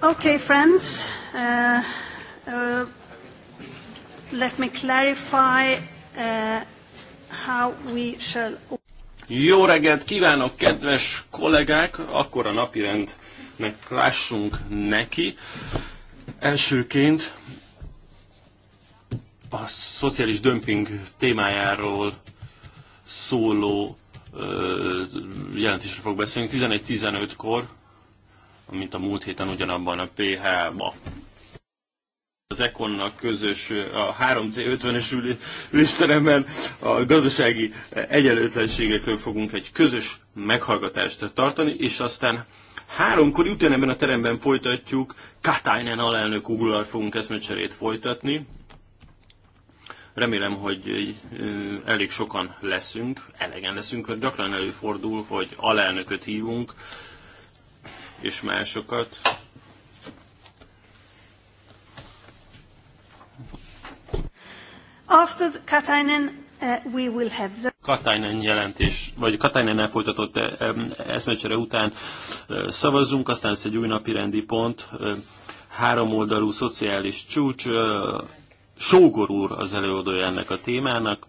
Okay, friends, uh, uh, let me clarify uh, how we shall... Jó reggelt kívánok, kedves kollégák! Akkor a napirendnek lássunk neki. Elsőként a szociális dömping témájáról szóló jelentésre fog beszélni 11-15-kor mint a múlt héten ugyanabban a PH-ba. Az Econnak közös a 3C50-es ülésteremben a gazdasági egyenlőtlenségekről fogunk egy közös meghallgatást tartani, és aztán háromkor ebben a teremben folytatjuk, Katainen alelnök ugulal fogunk eszmecserét folytatni. Remélem, hogy elég sokan leszünk, elegen leszünk, mert gyakran előfordul, hogy alelnököt hívunk, és másokat. After Katainen uh, we will have the... Katainen jelentés, vagy Katainen elfolytatott uh, um, eszmecsere után uh, szavazzunk, aztán lesz egy új napi rendi pont, uh, oldalú szociális csúcs, Sógor úr az előadója ennek a témának,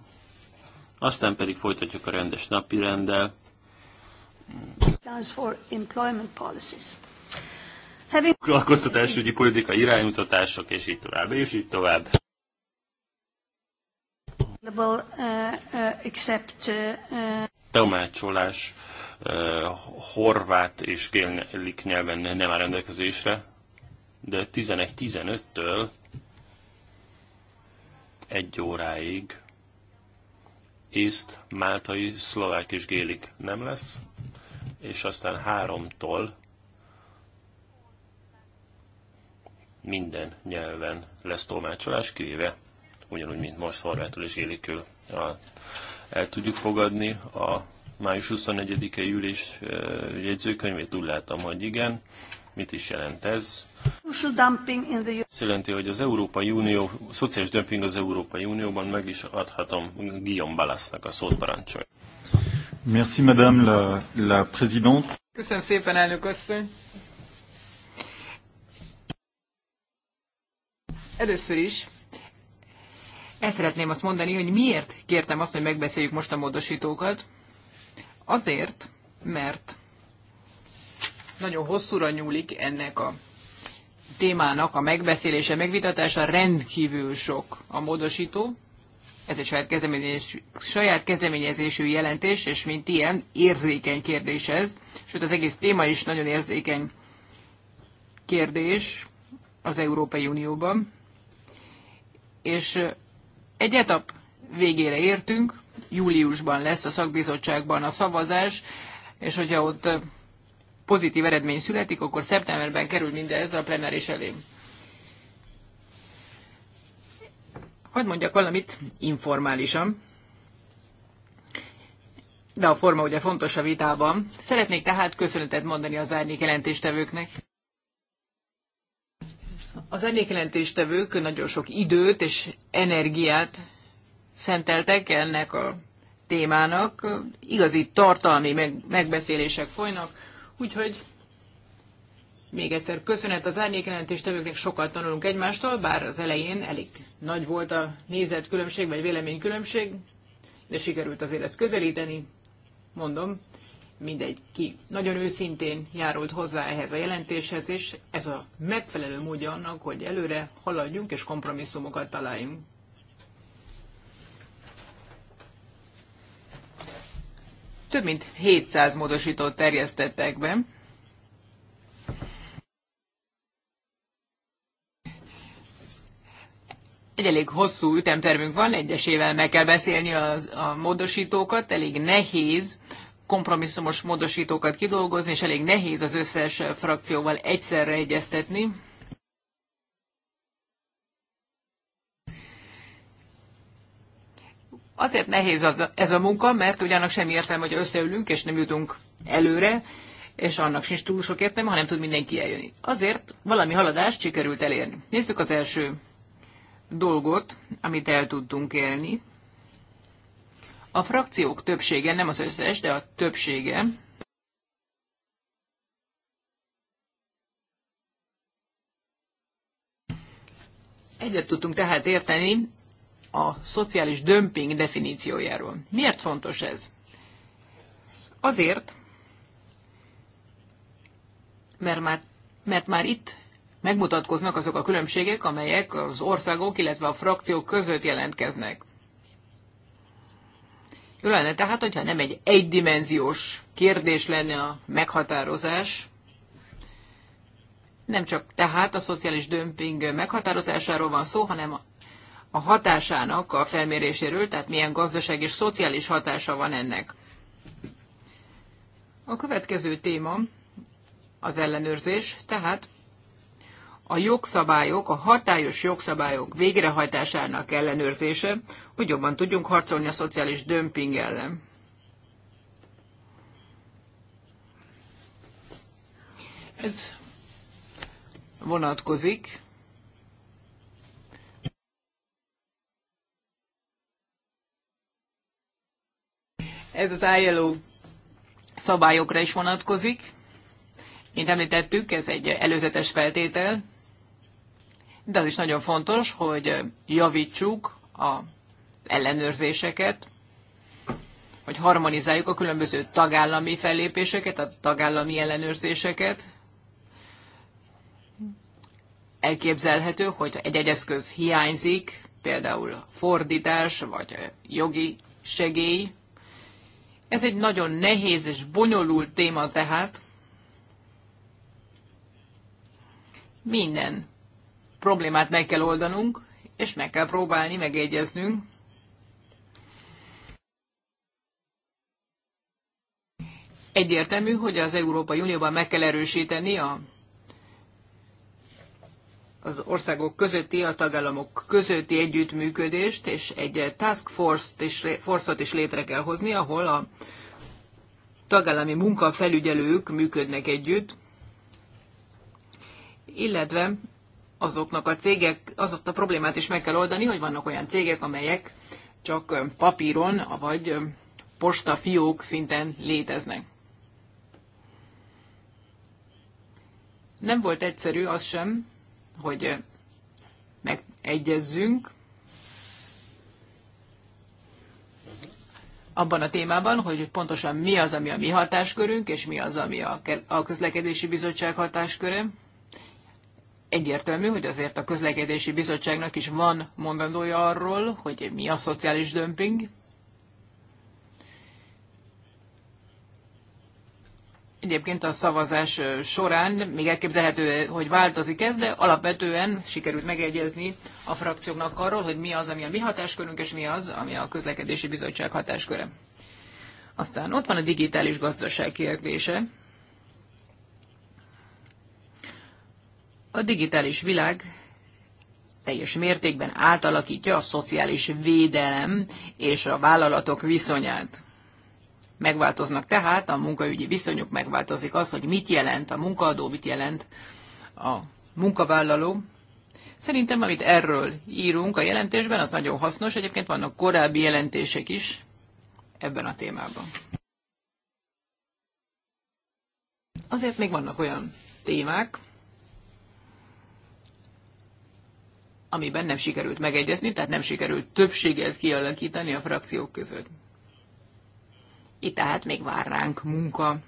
aztán pedig folytatjuk a rendes napi rendel. Foglalkoztatásügyi politika iránymutatások, és így tovább, és így tovább. Uh, uh, Tomácsolás uh, uh, horvát és gélik nyelven nem áll rendelkezésre, de 11-15-től egy óráig észt, máltai, szlovák és gélik nem lesz és aztán háromtól minden nyelven lesz tolmácsolás, kivéve ugyanúgy, mint most horvátul és élikül el tudjuk fogadni a május 24-e ülés jegyzőkönyvét, úgy látom, hogy igen. Mit is jelent ez? Azt jelenti, hogy az Európai Unió, szociális dömping az Európai Unióban, meg is adhatom Guillaume Balasznak a szót parancsolja. Merci, madame la, la présidente. Köszönöm szépen, elnök asszony. Először is ezt szeretném azt mondani, hogy miért kértem azt, hogy megbeszéljük most a módosítókat. Azért, mert nagyon hosszúra nyúlik ennek a témának a megbeszélése, megvitatása, rendkívül sok a módosító, ez egy saját, kezdeményezés, saját kezdeményezésű jelentés, és mint ilyen érzékeny kérdés ez, sőt az egész téma is nagyon érzékeny kérdés az Európai Unióban. És egy etap végére értünk, júliusban lesz a szakbizottságban a szavazás, és hogyha ott pozitív eredmény születik, akkor szeptemberben kerül mindez a plenáris elé. Hadd mondjak valamit informálisan, de a forma ugye fontos a vitában. Szeretnék tehát köszönetet mondani az árnyék jelentéstevőknek. Az árnyék jelentéstevők nagyon sok időt és energiát szenteltek ennek a témának. Igazi tartalmi meg, megbeszélések folynak, úgyhogy még egyszer köszönet az árnyék jelentéstevőknek, sokat tanulunk egymástól, bár az elején elég nagy volt a nézetkülönbség, vagy véleménykülönbség, de sikerült azért ezt közelíteni. Mondom, mindegy ki. Nagyon őszintén járult hozzá ehhez a jelentéshez, és ez a megfelelő módja annak, hogy előre haladjunk és kompromisszumokat találjunk. Több mint 700 módosítót terjesztettek be. Egy elég hosszú ütemtervünk van, egyesével meg kell beszélni az, a módosítókat, elég nehéz kompromisszumos módosítókat kidolgozni, és elég nehéz az összes frakcióval egyszerre egyeztetni. Azért nehéz az, ez a munka, mert ugyanak sem értem, hogy összeülünk, és nem jutunk előre, és annak sincs túl sok értelme, hanem nem tud mindenki eljönni. Azért valami haladást sikerült elérni. Nézzük az első dolgot, amit el tudtunk élni. A frakciók többsége, nem az összes, de a többsége Egyet tudtunk tehát érteni a szociális dömping definíciójáról. Miért fontos ez? Azért, mert már, mert már itt megmutatkoznak azok a különbségek, amelyek az országok, illetve a frakciók között jelentkeznek. Jó lenne tehát, hogyha nem egy egydimenziós kérdés lenne a meghatározás, nem csak tehát a szociális dömping meghatározásáról van szó, hanem a hatásának a felméréséről, tehát milyen gazdaság és szociális hatása van ennek. A következő téma az ellenőrzés, tehát a jogszabályok, a hatályos jogszabályok végrehajtásának ellenőrzése, hogy jobban tudjunk harcolni a szociális dömping ellen. Ez vonatkozik ez az ILO szabályokra is vonatkozik. Mint említettük, ez egy előzetes feltétel de az is nagyon fontos, hogy javítsuk a ellenőrzéseket, hogy harmonizáljuk a különböző tagállami fellépéseket, a tagállami ellenőrzéseket. Elképzelhető, hogy egy-egy eszköz hiányzik, például fordítás vagy jogi segély. Ez egy nagyon nehéz és bonyolult téma tehát. Minden problémát meg kell oldanunk, és meg kell próbálni megegyeznünk. Egyértelmű, hogy az Európai Unióban meg kell erősíteni a, az országok közötti, a tagállamok közötti együttműködést, és egy task force-t is, force is létre kell hozni, ahol a tagállami munkafelügyelők működnek együtt, illetve azoknak a cégek, azt a problémát is meg kell oldani, hogy vannak olyan cégek, amelyek csak papíron, vagy posta fiók szinten léteznek. Nem volt egyszerű az sem, hogy megegyezzünk abban a témában, hogy pontosan mi az, ami a mi hatáskörünk, és mi az, ami a közlekedési bizottság hatásköre. Egyértelmű, hogy azért a közlekedési bizottságnak is van mondandója arról, hogy mi a szociális dömping. Egyébként a szavazás során még elképzelhető, hogy változik ez, de alapvetően sikerült megegyezni a frakcióknak arról, hogy mi az, ami a mi hatáskörünk, és mi az, ami a közlekedési bizottság hatásköre. Aztán ott van a digitális gazdaság kérdése. A digitális világ teljes mértékben átalakítja a szociális védelem és a vállalatok viszonyát. Megváltoznak tehát a munkaügyi viszonyok, megváltozik az, hogy mit jelent a munkaadó, mit jelent a munkavállaló. Szerintem, amit erről írunk a jelentésben, az nagyon hasznos. Egyébként vannak korábbi jelentések is ebben a témában. Azért még vannak olyan témák, amiben nem sikerült megegyezni, tehát nem sikerült többséget kialakítani a frakciók között. Itt tehát még vár ránk munka.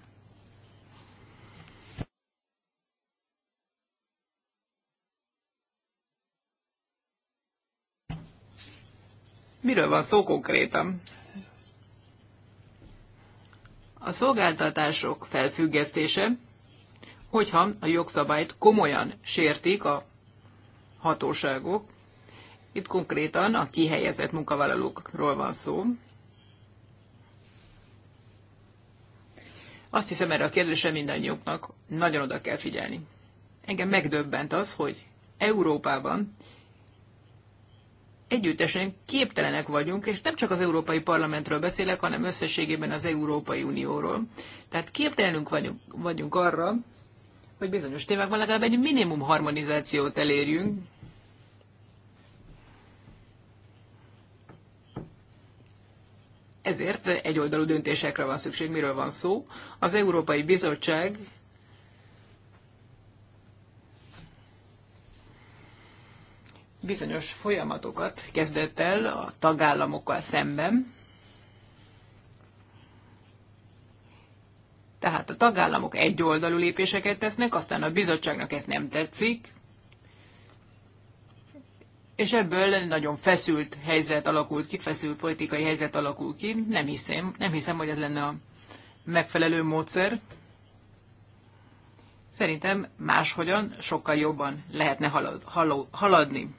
Miről van szó konkrétan? A szolgáltatások felfüggesztése, hogyha a jogszabályt komolyan sértik a hatóságok. Itt konkrétan a kihelyezett munkavállalókról van szó. Azt hiszem, erre a kérdésre mindannyiunknak nagyon oda kell figyelni. Engem megdöbbent az, hogy Európában együttesen képtelenek vagyunk, és nem csak az Európai Parlamentről beszélek, hanem összességében az Európai Unióról. Tehát képtelenünk vagyunk, vagyunk arra, hogy bizonyos témákban legalább egy minimum harmonizációt elérjünk. Ezért egyoldalú döntésekre van szükség. Miről van szó? Az Európai Bizottság bizonyos folyamatokat kezdett el a tagállamokkal szemben, Tehát a tagállamok egyoldalú lépéseket tesznek, aztán a bizottságnak ez nem tetszik, és ebből nagyon feszült helyzet alakult ki, feszült politikai helyzet alakul ki. Nem hiszem, nem hiszem, hogy ez lenne a megfelelő módszer. Szerintem máshogyan sokkal jobban lehetne halad, haladni.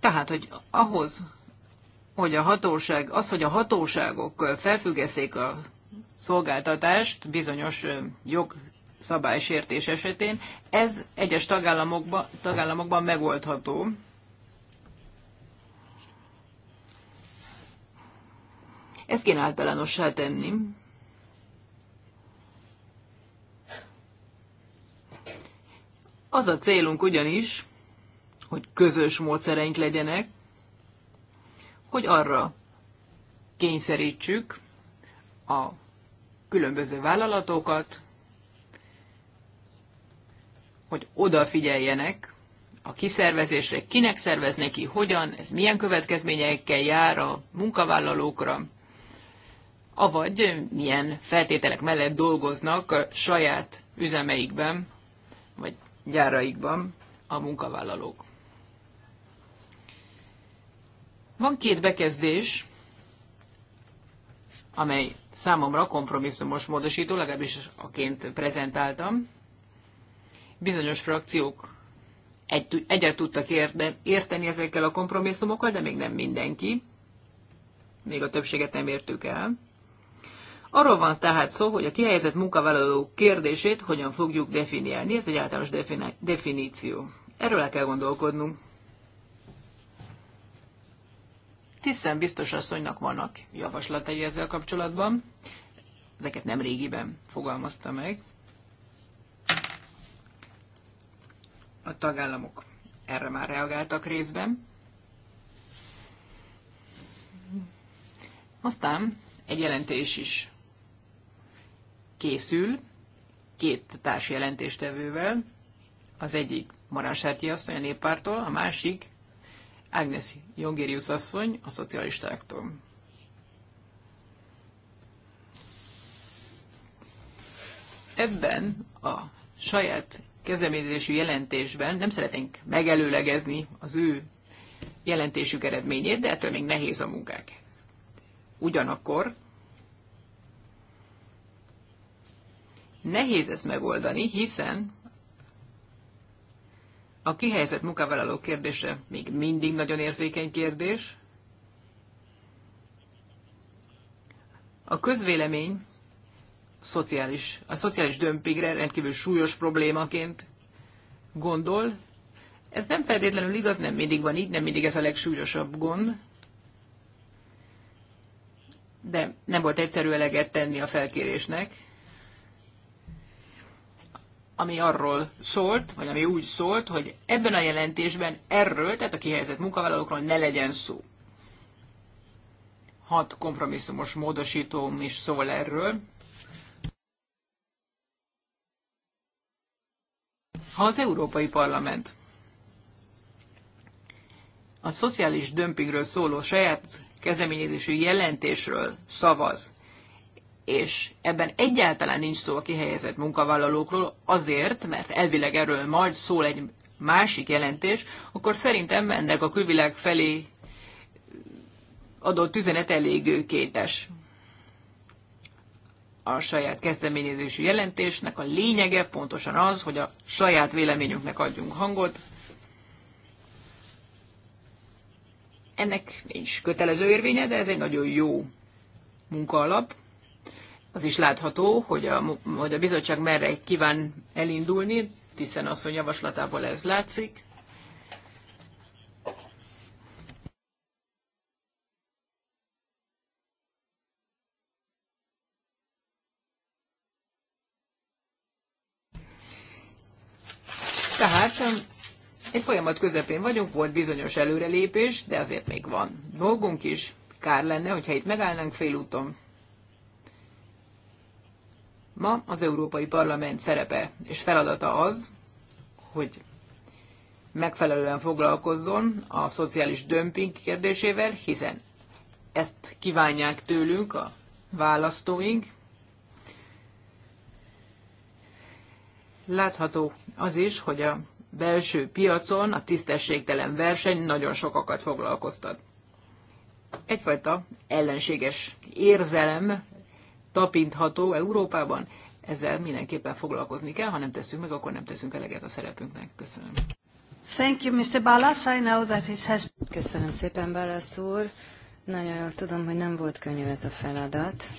Tehát, hogy ahhoz, hogy a hatóság, az, hogy a hatóságok felfüggeszék a szolgáltatást bizonyos jogszabálysértés esetén, ez egyes tagállamokban, tagállamokban megoldható. Ezt kéne általánossá tenni. Az a célunk ugyanis, hogy közös módszereink legyenek, hogy arra kényszerítsük a különböző vállalatokat, hogy odafigyeljenek a kiszervezésre, kinek szervez neki, hogyan, ez milyen következményekkel jár a munkavállalókra, avagy milyen feltételek mellett dolgoznak a saját üzemeikben, vagy gyáraikban a munkavállalók. Van két bekezdés, amely számomra kompromisszumos módosító, legalábbis aként prezentáltam. Bizonyos frakciók egy, egyet tudtak érteni ezekkel a kompromisszumokkal, de még nem mindenki. Még a többséget nem értük el. Arról van tehát szó, hogy a kihelyezett munkavállalók kérdését hogyan fogjuk definiálni. Ez egy általános definíció. Erről el kell gondolkodnunk. Tiszen biztos asszonynak vannak javaslatai ezzel kapcsolatban. Ezeket nem régiben fogalmazta meg. A tagállamok erre már reagáltak részben. Aztán egy jelentés is készül, két társ jelentéstevővel, az egyik Marán Sárki asszony a néppártól, a másik Agnes Jongérius asszony a szocialistáktól. Ebben a saját kezdeményezésű jelentésben nem szeretnénk megelőlegezni az ő jelentésük eredményét, de ettől még nehéz a munkák. Ugyanakkor nehéz ezt megoldani, hiszen a kihelyezett munkavállaló kérdése még mindig nagyon érzékeny kérdés. A közvélemény szociális, a szociális dömpingre rendkívül súlyos problémaként gondol. Ez nem feltétlenül igaz, nem mindig van így, nem mindig ez a legsúlyosabb gond. De nem volt egyszerű eleget tenni a felkérésnek ami arról szólt, vagy ami úgy szólt, hogy ebben a jelentésben erről, tehát a kihelyezett munkavállalókról ne legyen szó. Hat kompromisszumos módosítóm is szól erről. Ha az Európai Parlament a szociális dömpingről szóló saját kezdeményezésű jelentésről szavaz, és ebben egyáltalán nincs szó a kihelyezett munkavállalókról, azért, mert elvileg erről majd szól egy másik jelentés, akkor szerintem ennek a külvilág felé adott üzenet elég kétes. A saját kezdeményezésű jelentésnek a lényege pontosan az, hogy a saját véleményünknek adjunk hangot. Ennek nincs kötelező érvénye, de ez egy nagyon jó munkaalap az is látható, hogy a, hogy a bizottság merre kíván elindulni, hiszen asszony javaslatából ez látszik. Tehát egy folyamat közepén vagyunk, volt bizonyos előrelépés, de azért még van dolgunk is. Kár lenne, hogyha itt megállnánk félúton. Ma az Európai Parlament szerepe és feladata az, hogy megfelelően foglalkozzon a szociális dömping kérdésével, hiszen ezt kívánják tőlünk a választóink. Látható az is, hogy a belső piacon a tisztességtelen verseny nagyon sokakat foglalkoztat. Egyfajta ellenséges érzelem tapintható Európában, ezzel mindenképpen foglalkozni kell, ha nem teszünk meg, akkor nem teszünk eleget a szerepünknek. Köszönöm. Thank you, Mr. Ballas. I know that it has... Köszönöm szépen, Ballas úr. Nagyon jól tudom, hogy nem volt könnyű ez a feladat.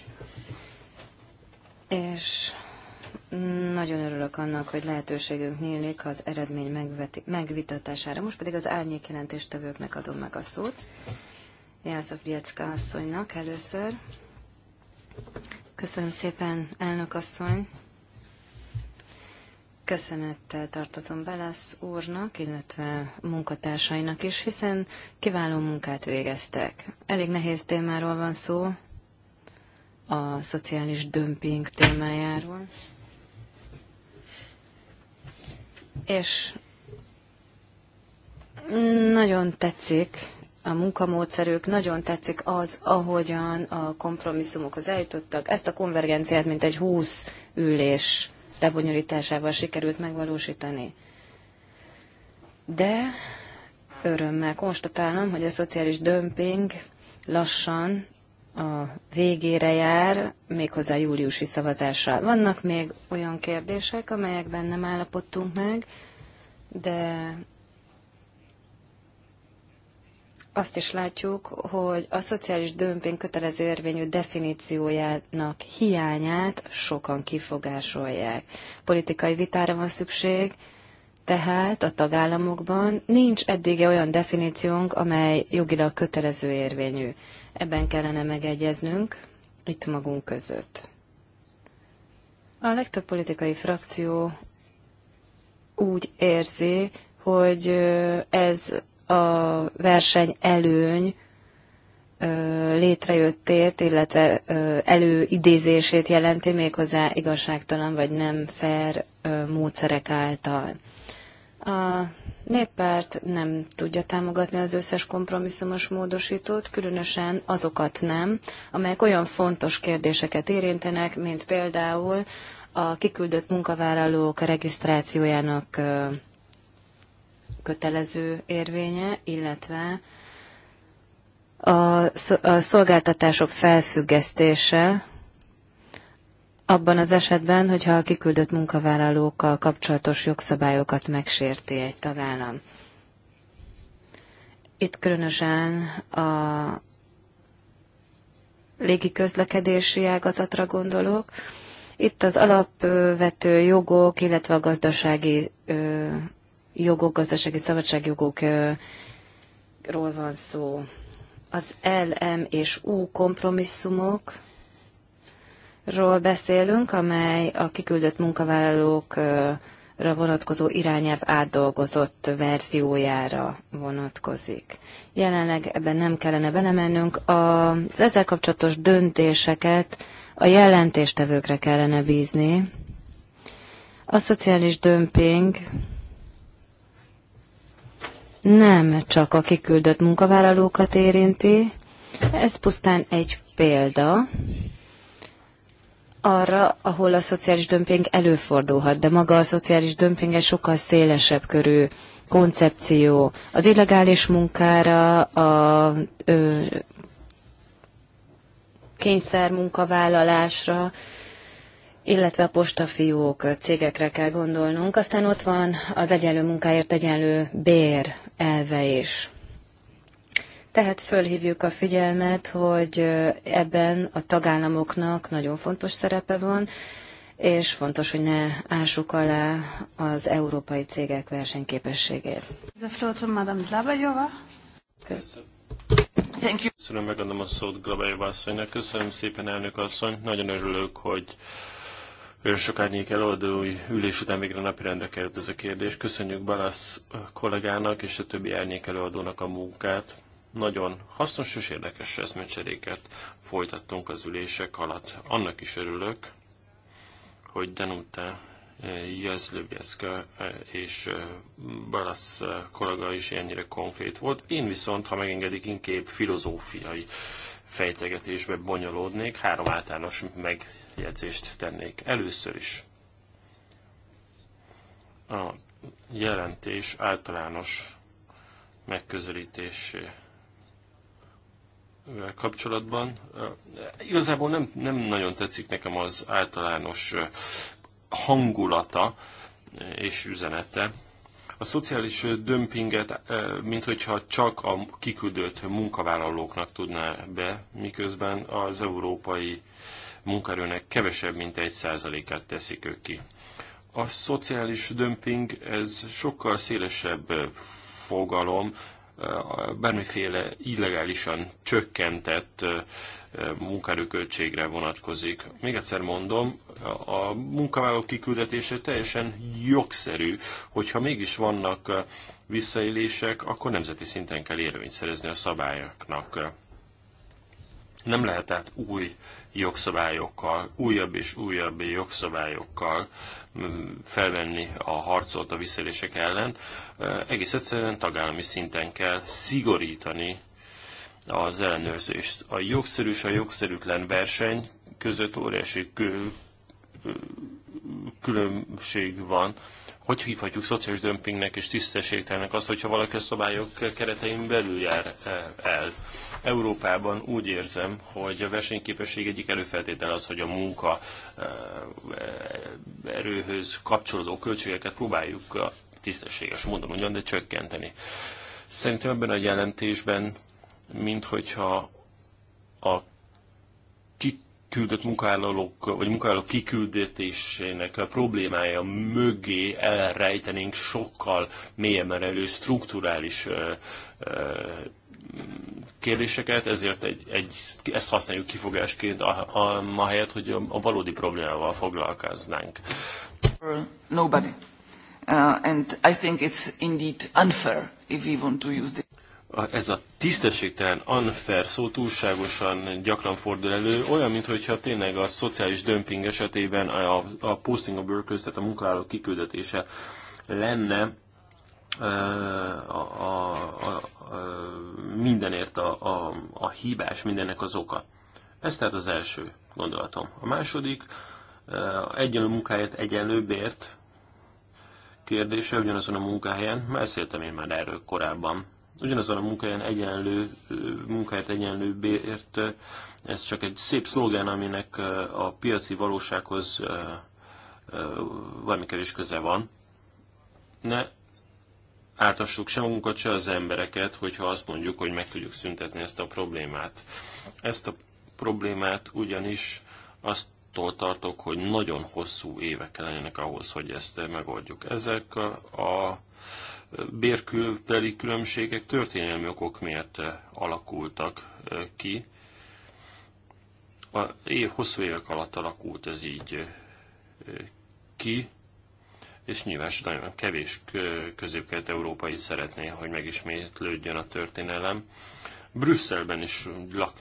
És nagyon örülök annak, hogy lehetőségünk nyílik az eredmény megveti, megvitatására. Most pedig az árnyék jelentéstevőknek adom meg a szót. Jászok Riecka asszonynak először. Köszönöm szépen, elnök asszony. Köszönettel tartozom Belasz úrnak, illetve munkatársainak is, hiszen kiváló munkát végeztek. Elég nehéz témáról van szó, a szociális dömping témájáról. És nagyon tetszik a munkamódszerük, nagyon tetszik az, ahogyan a kompromisszumokhoz eljutottak. Ezt a konvergenciát mint egy 20 ülés lebonyolításával sikerült megvalósítani. De örömmel konstatálom, hogy a szociális dömping lassan a végére jár, méghozzá júliusi szavazással. Vannak még olyan kérdések, amelyekben nem állapodtunk meg, de azt is látjuk, hogy a szociális dömping kötelező érvényű definíciójának hiányát sokan kifogásolják. Politikai vitára van szükség, tehát a tagállamokban nincs eddig olyan definíciónk, amely jogilag kötelező érvényű. Ebben kellene megegyeznünk itt magunk között. A legtöbb politikai frakció úgy érzi, hogy ez a verseny előny létrejöttét, illetve előidézését jelenti méghozzá igazságtalan vagy nem fair módszerek által. A néppárt nem tudja támogatni az összes kompromisszumos módosítót, különösen azokat nem, amelyek olyan fontos kérdéseket érintenek, mint például a kiküldött munkavállalók regisztrációjának kötelező érvénye, illetve a, szolgáltatások felfüggesztése abban az esetben, hogyha a kiküldött munkavállalókkal kapcsolatos jogszabályokat megsérti egy tagállam. Itt különösen a légi közlekedési ágazatra gondolok. Itt az alapvető jogok, illetve a gazdasági jogok, gazdasági szabadságjogokról van szó. Az LM és U kompromisszumok, ról beszélünk, amely a kiküldött munkavállalókra vonatkozó irányelv átdolgozott verziójára vonatkozik. Jelenleg ebben nem kellene belemennünk. Az ezzel kapcsolatos döntéseket a jelentéstevőkre kellene bízni. A szociális dömping nem csak a kiküldött munkavállalókat érinti, ez pusztán egy példa arra, ahol a szociális dömping előfordulhat, de maga a szociális dömping egy sokkal szélesebb körű koncepció. Az illegális munkára, a ö, kényszer munkavállalásra, illetve a postafiók cégekre kell gondolnunk. Aztán ott van az egyenlő munkáért egyenlő bér elve is. Tehát fölhívjuk a figyelmet, hogy ebben a tagállamoknak nagyon fontos szerepe van, és fontos, hogy ne ássuk alá az európai cégek versenyképességét. Köszönöm. Thank you. Köszönöm, megadom a szót Glabajeva asszonynak. Köszönöm szépen, elnök asszony. Nagyon örülök, hogy sokáig előadói ülés után végre napirendre került ez a kérdés. Köszönjük Balasz kollégának és a többi árnyék előadónak a munkát. Nagyon hasznos és érdekes eszmecseréket folytattunk az ülések alatt. Annak is örülök, hogy Denuta Jezlőbjeszka és Balasz kollega is ennyire konkrét volt. Én viszont, ha megengedik, inkább filozófiai fejtegetésbe bonyolódnék. Három általános meg jegyzést tennék. Először is a jelentés általános megközelítésé kapcsolatban. Igazából nem, nem nagyon tetszik nekem az általános hangulata és üzenete. A szociális dömpinget, mint hogyha csak a kiküldött munkavállalóknak tudná be, miközben az európai munkaerőnek kevesebb, mint egy százalékát teszik ők ki. A szociális dömping, ez sokkal szélesebb fogalom, bármiféle illegálisan csökkentett munkaerőköltségre vonatkozik. Még egyszer mondom, a munkavállalók kiküldetése teljesen jogszerű, hogyha mégis vannak visszaélések, akkor nemzeti szinten kell érvényt szerezni a szabályoknak. Nem lehet tehát új jogszabályokkal, újabb és újabb jogszabályokkal mm, felvenni a harcot a visszaélések ellen. Egész egyszerűen tagállami szinten kell szigorítani az ellenőrzést. A jogszerűs, a jogszerűtlen verseny között óriási különbség van. Hogy hívhatjuk szociális dömpingnek és tisztességtelnek azt, hogyha valaki a szabályok keretein belül jár eh, el? Európában úgy érzem, hogy a versenyképesség egyik előfeltétele az, hogy a munka eh, erőhöz kapcsolódó költségeket próbáljuk tisztességes módon ugyan, de csökkenteni. Szerintem ebben a jelentésben, mint hogyha a küldött munkavállalók, vagy munkavállalók kiküldetésének problémája mögé elrejtenénk sokkal mélyebben elő strukturális kérdéseket, ezért egy, egy, ezt használjuk kifogásként, a, a, a helyet, hogy a, a valódi problémával foglalkoznánk. Nobody. Uh, and I think it's indeed unfair if we want to use this ez a tisztességtelen, unfair szó túlságosan gyakran fordul elő, olyan, mintha tényleg a szociális dömping esetében a, a posting of workers, tehát a munkavállalók kiküldetése lenne a, a, a, a, mindenért a, a, a hibás, mindennek az oka. Ez tehát az első gondolatom. A második, egyenlő munkáért, egyenlő bért kérdése ugyanazon a munkahelyen, beszéltem én már erről korábban ugyanazon a munkáján egyenlő, munkáját egyenlő bért, ez csak egy szép szlogán, aminek a piaci valósághoz valami kevés köze van. Ne átassuk se magunkat, se az embereket, hogyha azt mondjuk, hogy meg tudjuk szüntetni ezt a problémát. Ezt a problémát ugyanis azt tartok, hogy nagyon hosszú évek kellene ahhoz, hogy ezt megoldjuk. Ezek a, a bérkülbeli különbségek történelmi okok miatt eh, alakultak eh, ki. A év, hosszú évek alatt alakult ez így eh, ki, és nyilván nagyon kevés közép európai szeretné, hogy megismétlődjön a történelem. Brüsszelben is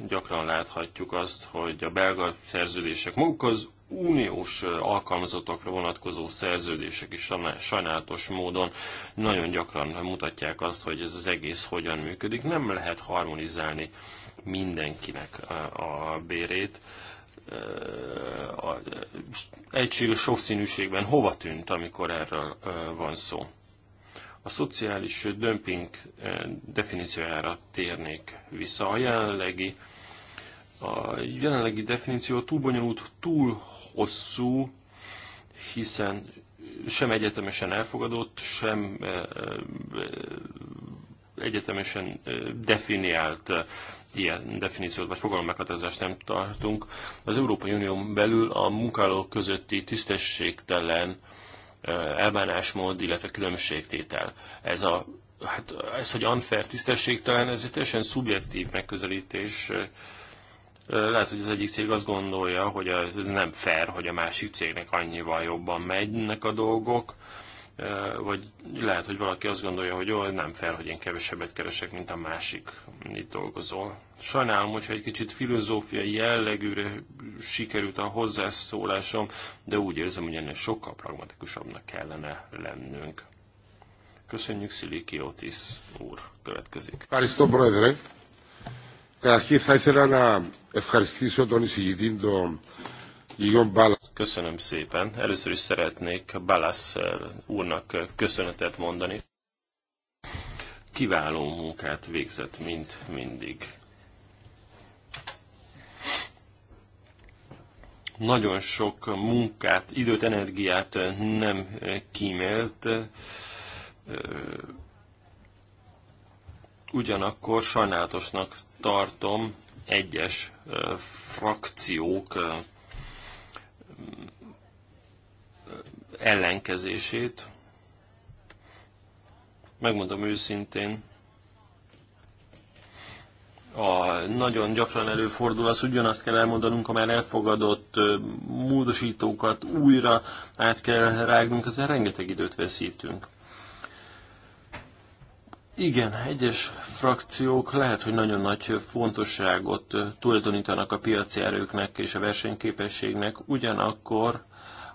gyakran láthatjuk azt, hogy a belga szerződések maguk az uniós alkalmazottakra vonatkozó szerződések is sajnálatos módon nagyon gyakran mutatják azt, hogy ez az egész hogyan működik. Nem lehet harmonizálni mindenkinek a bérét. egységes sokszínűségben hova tűnt, amikor erről van szó? A szociális dömping eh, definíciójára térnék vissza. A jelenlegi, a jelenlegi definíció túl bonyolult, túl hosszú, hiszen sem egyetemesen elfogadott, sem eh, eh, egyetemesen definiált ilyen definíciót vagy fogalommeghatározást nem tartunk. Az Európai Unión belül a munkálók közötti tisztességtelen elbánásmód, illetve különbségtétel. Ez a hát ez, hogy unfair, tisztességtelen, ez egy teljesen szubjektív megközelítés. Lehet, hogy az egyik cég azt gondolja, hogy ez nem fair, hogy a másik cégnek annyival jobban megynek a dolgok, vagy lehet, hogy valaki azt gondolja, hogy jó, nem fel, hogy én kevesebbet keresek, mint a másik, itt dolgozol. Sajnálom, hogyha egy kicsit filozófiai jellegűre sikerült a hozzászólásom, de úgy érzem, hogy ennél sokkal pragmatikusabbnak kellene lennünk. Köszönjük, Sziliki Otis úr. Következik. Ευχαριστώ, Πρόεδρε. Καταρχήν θα ήθελα να ευχαριστήσω τον εισηγητή, τον Köszönöm szépen. Először is szeretnék Balasz eh, úrnak köszönetet mondani. Kiváló munkát végzett, mint mindig. Nagyon sok munkát, időt, energiát eh, nem eh, kímélt, ugyanakkor sajnálatosnak tartom egyes frakciók ellenkezését. Megmondom őszintén, a, nagyon gyakran előfordul az, ugyanazt kell elmondanunk, a már elfogadott módosítókat újra át kell rágnunk, ezzel rengeteg időt veszítünk. Igen, egyes frakciók lehet, hogy nagyon nagy fontosságot tulajdonítanak a piaci erőknek és a versenyképességnek, ugyanakkor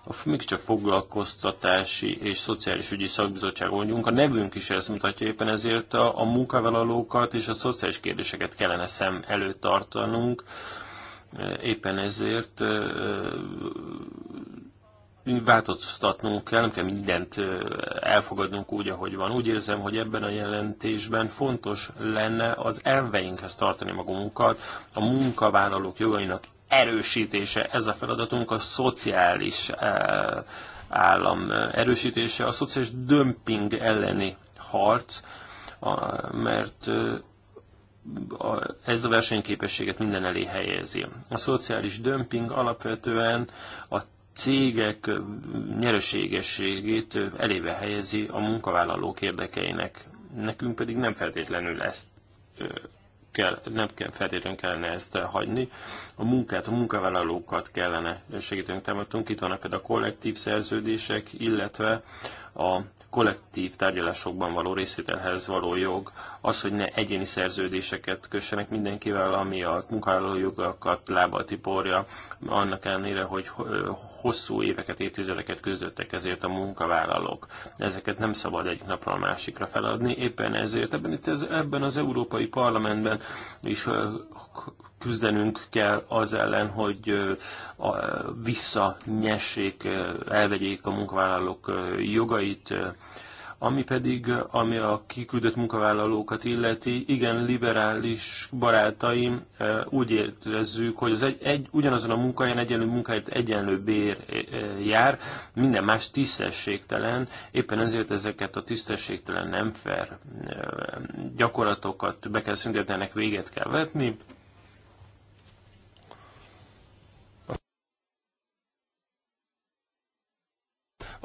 a csak foglalkoztatási és szociális ügyi szakbizottság vagyunk. A nevünk is ezt mutatja, éppen ezért a, a munkavállalókat és a szociális kérdéseket kellene szem előtt tartanunk. Éppen ezért változtatnunk kell, nem kell mindent elfogadnunk úgy, ahogy van. Úgy érzem, hogy ebben a jelentésben fontos lenne az elveinkhez tartani magunkat, a munkavállalók jogainak erősítése, ez a feladatunk, a szociális állam erősítése, a szociális dömping elleni harc, mert ez a versenyképességet minden elé helyezi. A szociális dömping alapvetően a cégek nyereségességét elébe helyezi a munkavállalók érdekeinek. Nekünk pedig nem feltétlenül ezt kell, nem kell, feltétlenül kellene ezt hagyni. A munkát, a munkavállalókat kellene segítenünk, támadtunk. Itt vannak például a kollektív szerződések, illetve a kollektív tárgyalásokban való részvételhez való jog, az, hogy ne egyéni szerződéseket kössenek mindenkivel, ami a munkavállalójogokat lába tiporja, annak ellenére, hogy hosszú éveket, évtizedeket küzdöttek ezért a munkavállalók. Ezeket nem szabad egyik napról a másikra feladni, éppen ezért ebben, itt ez, ebben az Európai Parlamentben is küzdenünk kell az ellen, hogy visszanyessék, elvegyék a munkavállalók jogait, ami pedig, ami a kiküldött munkavállalókat illeti, igen, liberális barátaim, úgy érezzük, hogy az egy, egy, ugyanazon a munkahelyen egyenlő munkáért egyenlő bér jár, minden más tisztességtelen, éppen ezért ezeket a tisztességtelen nem fair gyakorlatokat be kell szüntetni, ennek véget kell vetni,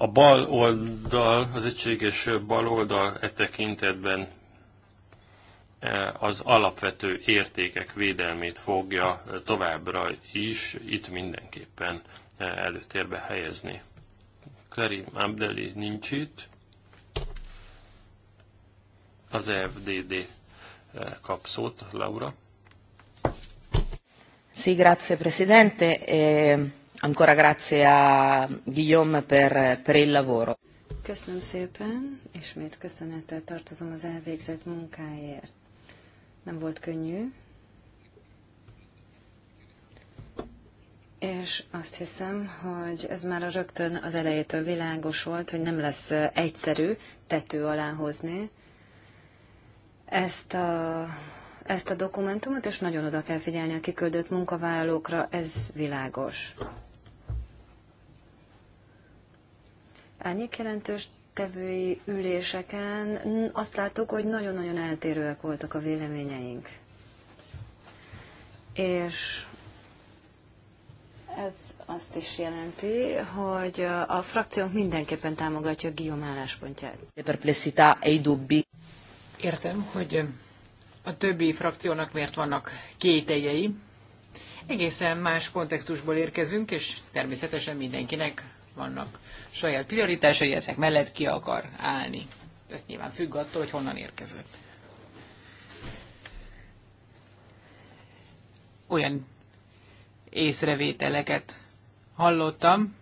A bal oldal, az egységes bal oldal e tekintetben e, az alapvető értékek védelmét fogja továbbra is itt mindenképpen e, előtérbe helyezni. Karim Abdeli nincs itt. Az FDD e, kap szót, Laura. Sì, grazie Presidente. Eh... Ancora grazie a Guillaume per, per il lavoro. Köszönöm szépen, ismét köszönettel tartozom az elvégzett munkáért. Nem volt könnyű, És azt hiszem, hogy ez már a rögtön az elejétől világos volt, hogy nem lesz egyszerű tető alá hozni ezt a, ezt a dokumentumot, és nagyon oda kell figyelni a kiküldött munkavállalókra, ez világos. árnyék jelentős tevői üléseken azt láttuk, hogy nagyon-nagyon eltérőek voltak a véleményeink. És ez azt is jelenti, hogy a frakciónk mindenképpen támogatja a Guillaume álláspontját. E Értem, hogy a többi frakciónak miért vannak kételjei. Egészen más kontextusból érkezünk, és természetesen mindenkinek vannak saját prioritásai, ezek mellett ki akar állni. Ez nyilván függ attól, hogy honnan érkezett. Olyan észrevételeket hallottam,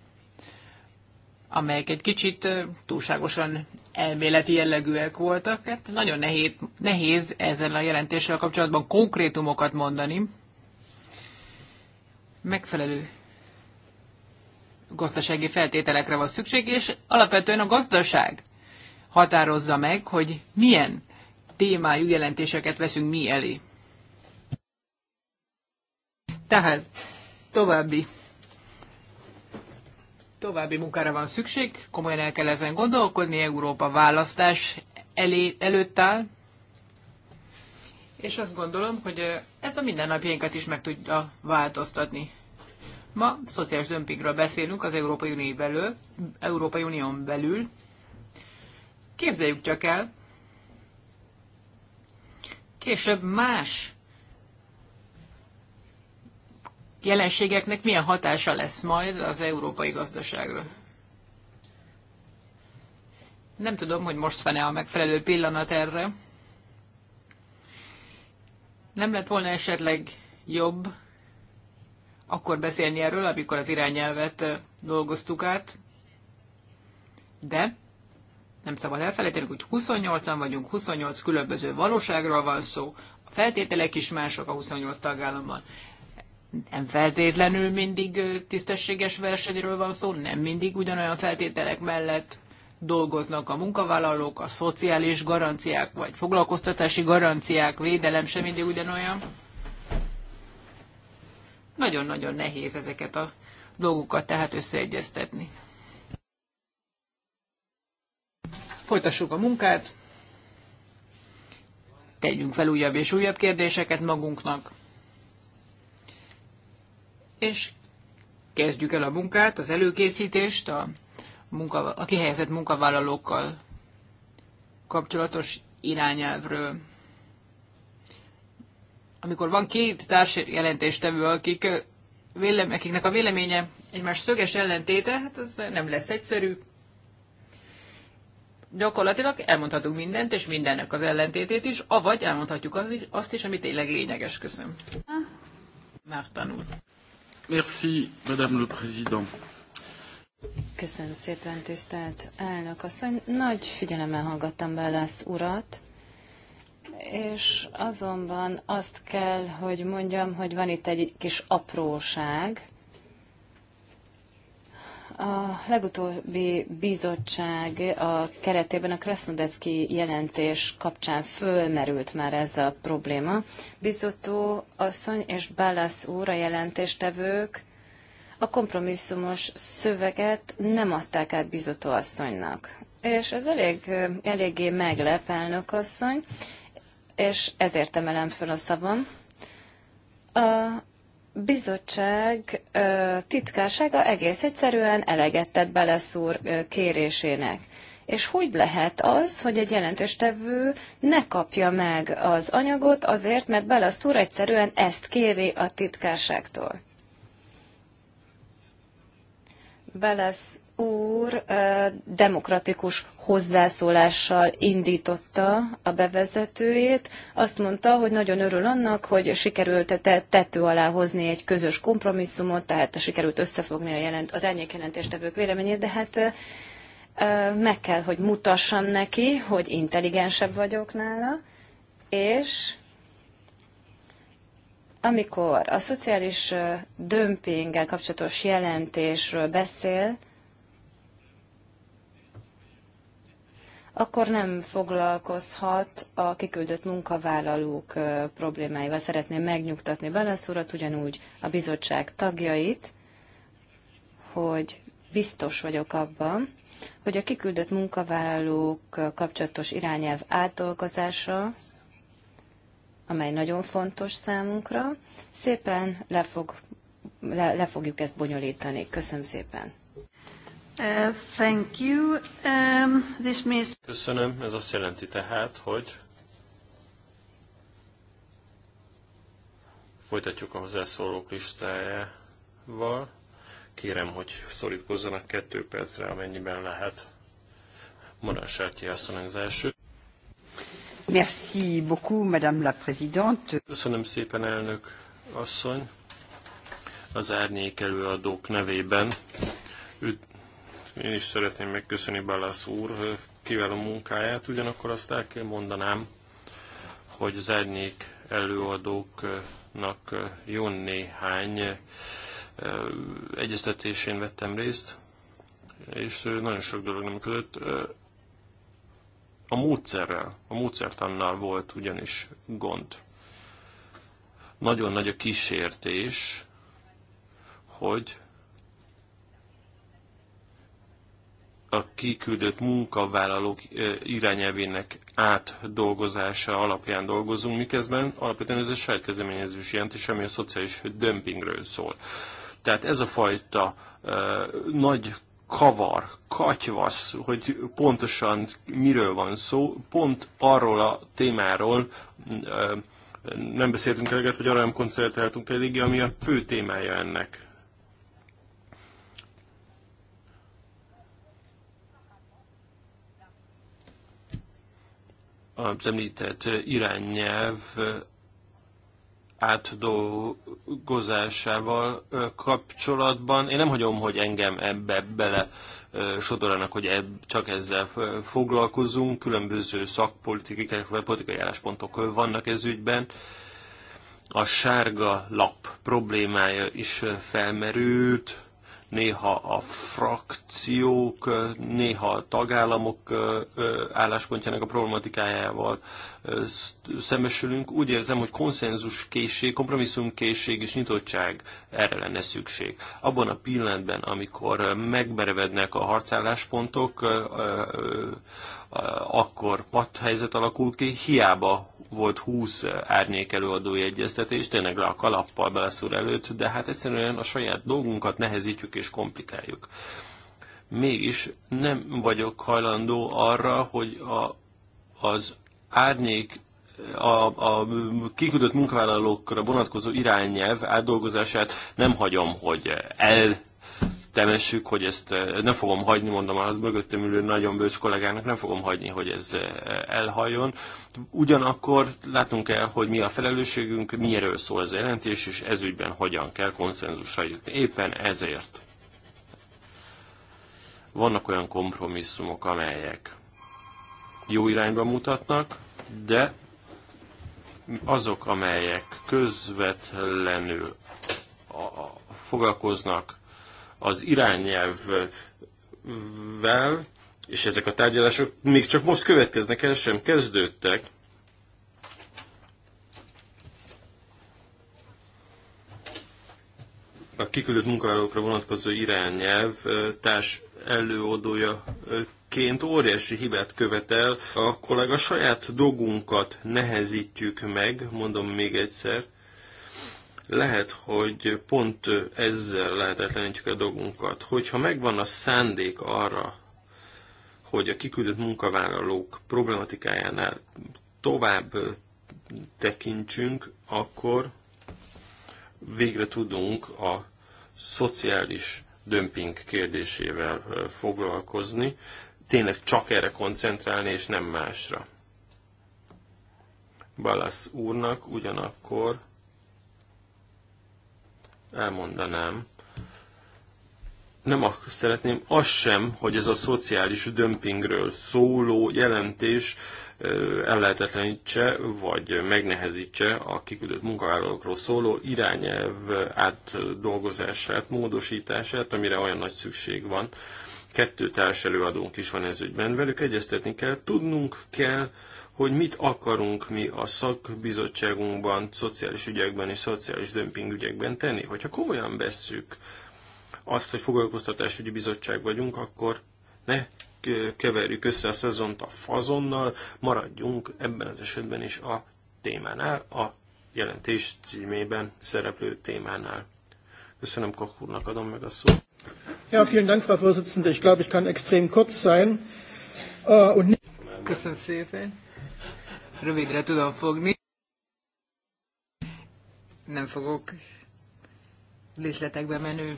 amelyek egy kicsit túlságosan elméleti jellegűek voltak. Hát nagyon nehéz, nehéz ezzel a jelentéssel kapcsolatban konkrétumokat mondani. Megfelelő gazdasági feltételekre van szükség, és alapvetően a gazdaság határozza meg, hogy milyen témájú jelentéseket veszünk mi elé. Tehát további további munkára van szükség, komolyan el kell ezen gondolkodni, Európa választás elé, előtt áll, és azt gondolom, hogy ez a mindennapjainkat is meg tudja változtatni. Ma szociális dömpingről beszélünk az Európai, Unió belül, Európai Unión belül. Képzeljük csak el, később más jelenségeknek milyen hatása lesz majd az európai gazdaságra. Nem tudom, hogy most van-e a megfelelő pillanat erre. Nem lett volna esetleg jobb, akkor beszélni erről, amikor az irányelvet dolgoztuk át, de nem szabad elfelejteni, hogy 28-an vagyunk, 28 különböző valóságról van szó, a feltételek is mások a 28 tagállamban. Nem feltétlenül mindig tisztességes versenyről van szó, nem mindig ugyanolyan feltételek mellett dolgoznak a munkavállalók, a szociális garanciák vagy foglalkoztatási garanciák, védelem sem mindig ugyanolyan. Nagyon-nagyon nehéz ezeket a dolgokat tehát összeegyeztetni. Folytassuk a munkát, tegyünk fel újabb és újabb kérdéseket magunknak, és kezdjük el a munkát, az előkészítést a, munka, a kihelyezett munkavállalókkal kapcsolatos irányelvről amikor van két társadalmi jelentéstevő, akik, vélem, akiknek a véleménye egymás szöges ellentéte, hát ez nem lesz egyszerű. Gyakorlatilag elmondhatunk mindent, és mindennek az ellentétét is, avagy elmondhatjuk azt is, ami tényleg lényeges. Köszönöm. Mártán úr. Merci, Madame le Président. Köszönöm szépen, tisztelt elnök asszony. Nagy figyelemmel hallgattam be lesz urat, és azonban azt kell, hogy mondjam, hogy van itt egy kis apróság. A legutóbbi bizottság a keretében a Krasznodeszki jelentés kapcsán fölmerült már ez a probléma. Bizotó asszony és Bálász úr a jelentéstevők a kompromisszumos szöveget nem adták át Bizotó asszonynak. És ez elég, eléggé meglep, elnök asszony, és ezért emelem föl a szavam. A bizottság titkársága egész egyszerűen eleget tett beleszúr kérésének. És hogy lehet az, hogy egy jelentéstevő ne kapja meg az anyagot azért, mert beleszúr egyszerűen ezt kéri a titkárságtól? Belesz úr demokratikus hozzászólással indította a bevezetőjét. Azt mondta, hogy nagyon örül annak, hogy sikerült tető alá hozni egy közös kompromisszumot, tehát sikerült összefogni a jelent, az jelentéstevők véleményét, de hát meg kell, hogy mutassam neki, hogy intelligensebb vagyok nála, és amikor a szociális dömpinggel kapcsolatos jelentésről beszél, akkor nem foglalkozhat a kiküldött munkavállalók problémáival. Szeretném megnyugtatni Balasz urat, ugyanúgy a bizottság tagjait, hogy biztos vagyok abban, hogy a kiküldött munkavállalók kapcsolatos irányelv átdolgozása, amely nagyon fontos számunkra, szépen le, fog, le, le fogjuk ezt bonyolítani. Köszönöm szépen! Uh, thank you. Um, this means... Köszönöm. Ez azt jelenti tehát, hogy folytatjuk a hozzászólók listájával. Kérem, hogy szorítkozzanak kettő percre, amennyiben lehet. Morán Sártyi asszony az első. Merci beaucoup, Madame la Présidente. Köszönöm szépen, elnök asszony. Az árnyék előadók nevében üd- én is szeretném megköszönni Ballász úr kiváló munkáját, ugyanakkor azt el kell mondanám, hogy az árnyék előadóknak jó néhány egyeztetésén vettem részt, és nagyon sok dolog nem között. A módszerrel, a módszertannal volt ugyanis gond. Nagyon nagy a kísértés, hogy a kiküldött munkavállalók irányelvének átdolgozása alapján dolgozunk, miközben alapvetően ez a saját kezdeményezős és ami a szociális dömpingről szól. Tehát ez a fajta ö, nagy kavar, katyvasz, hogy pontosan miről van szó, pont arról a témáról ö, nem beszéltünk eleget, vagy arra nem koncentráltunk eléggé, ami a fő témája ennek az említett irányelv átdolgozásával kapcsolatban. Én nem hagyom, hogy engem ebbe bele sodoranak, hogy ebb, csak ezzel foglalkozunk, különböző szakpolitikák vagy politikai álláspontok vannak ez ügyben. A sárga lap problémája is felmerült, néha a frakciók, néha a tagállamok álláspontjának a problematikájával szembesülünk. Úgy érzem, hogy konszenzus készség, kompromisszum készség és nyitottság erre lenne szükség. Abban a pillanatban, amikor megberevednek a harcálláspontok, akkor pat helyzet alakul ki, hiába volt 20 árnyék előadói egyeztetés, tényleg le a kalappal beleszúr előtt, de hát egyszerűen a saját dolgunkat nehezítjük és komplikáljuk. Mégis nem vagyok hajlandó arra, hogy a, az árnyék a, a kiküldött munkavállalókra vonatkozó irányelv átdolgozását nem hagyom, hogy el temessük, hogy ezt eh, nem fogom hagyni, mondom a mögöttem ülő nagyon bős kollégának, nem fogom hagyni, hogy ez eh, elhajjon. Ugyanakkor látunk el, hogy mi a felelősségünk, miről szól az jelentés, és ezügyben hogyan kell konszenzusra jutni. Éppen ezért vannak olyan kompromisszumok, amelyek jó irányba mutatnak, de azok, amelyek közvetlenül a, foglalkoznak az irányelvvel, és ezek a tárgyalások még csak most következnek, el sem kezdődtek, a kiküldött munkavállalókra vonatkozó irányelv társ ként óriási hibát követel, a kollega saját dogunkat nehezítjük meg, mondom még egyszer, lehet, hogy pont ezzel lehetetlenítjük a dolgunkat. Hogyha megvan a szándék arra, hogy a kiküldött munkavállalók problematikájánál tovább tekintsünk, akkor végre tudunk a szociális dömping kérdésével foglalkozni, tényleg csak erre koncentrálni, és nem másra. Balasz úrnak ugyanakkor elmondanám. Nem azt szeretném, az sem, hogy ez a szociális dömpingről szóló jelentés ellehetetlenítse, vagy megnehezítse a kiküldött munkavállalókról szóló irányelv átdolgozását, módosítását, amire olyan nagy szükség van. Kettő társ előadónk is van ez ügyben, velük egyeztetni kell, tudnunk kell, hogy mit akarunk mi a szakbizottságunkban, szociális ügyekben és szociális dömping ügyekben tenni. Hogyha komolyan vesszük azt, hogy foglalkoztatásügyi bizottság vagyunk, akkor ne keverjük össze a szezont a fazonnal, maradjunk ebben az esetben is a témánál, a jelentés címében szereplő témánál. Köszönöm, Koch úrnak adom meg a szót. Ja, vielen Dank, Frau Vorsitzende. Ich glaube, ich kann extrem kurz sein. Uh, und Köszönöm szépen rövidre tudom fogni. Nem fogok részletekbe menő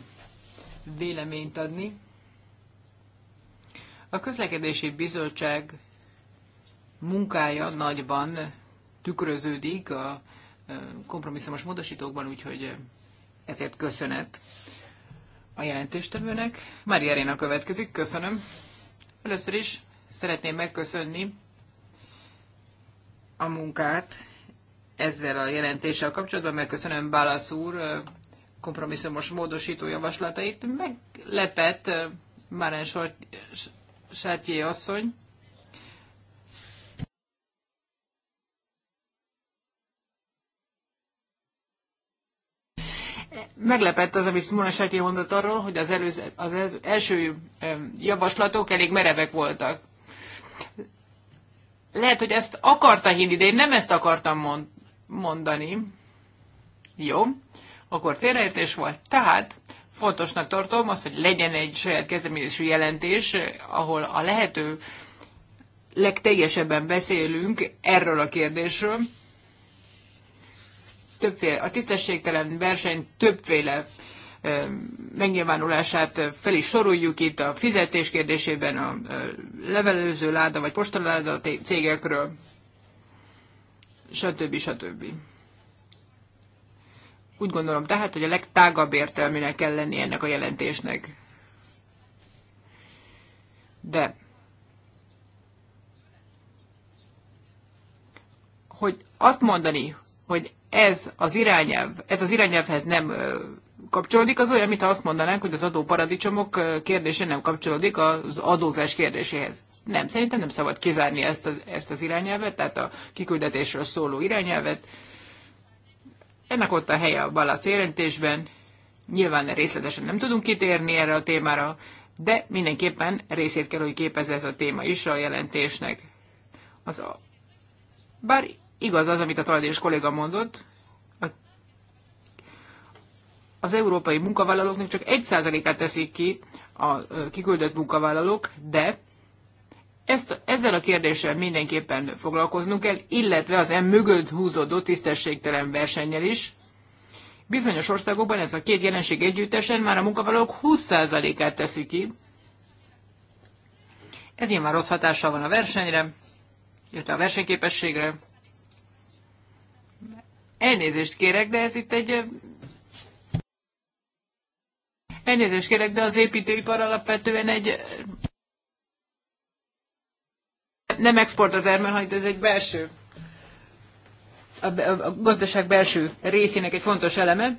véleményt adni. A közlekedési bizottság munkája nagyban tükröződik a e, kompromisszumos módosítókban, úgyhogy ezért köszönet a jelentéstevőnek. Mária Réna következik, köszönöm. Először is szeretném megköszönni a munkát ezzel a jelentéssel kapcsolatban. Megköszönöm Bálasz úr kompromisszumos módosító javaslatait. Meglepett Máren Sártyé asszony, meglepett az, amit Mona Sáti mondott arról, hogy az, előző, az első javaslatok elég merevek voltak lehet, hogy ezt akarta hinni, de én nem ezt akartam mondani. Jó, akkor félreértés volt. Tehát fontosnak tartom azt, hogy legyen egy saját kezdeményezésű jelentés, ahol a lehető legteljesebben beszélünk erről a kérdésről. Többféle, a tisztességtelen verseny többféle megnyilvánulását fel is soroljuk itt a fizetés kérdésében a levelőző láda vagy postaláda cégekről, stb. stb. Úgy gondolom tehát, hogy a legtágabb értelműnek kell lenni ennek a jelentésnek. De hogy azt mondani, hogy ez az irányelv, ez az irányelvhez nem kapcsolódik, az olyan, mintha azt mondanánk, hogy az adóparadicsomok kérdése nem kapcsolódik az adózás kérdéséhez. Nem, szerintem nem szabad kizárni ezt az, ezt az irányelvet, tehát a kiküldetésről szóló irányelvet. Ennek ott a helye a balasz jelentésben. Nyilván részletesen nem tudunk kitérni erre a témára, de mindenképpen részét kell, hogy képezze ez a téma is a jelentésnek. Az a... Bár igaz az, amit a Tajdés kolléga mondott, az európai munkavállalóknak csak 1%-át teszik ki a kiküldött munkavállalók, de ezt, ezzel a kérdéssel mindenképpen foglalkoznunk kell, illetve az em mögött húzódó tisztességtelen versennyel is. Bizonyos országokban ez a két jelenség együttesen már a munkavállalók 20%-át teszi ki. Ez nyilván rossz hatással van a versenyre, illetve a versenyképességre. Elnézést kérek, de ez itt egy Elnézést kérek, de az építőipar alapvetően egy nem exportra termel, hanem ez egy belső, a, a gazdaság belső részének egy fontos eleme.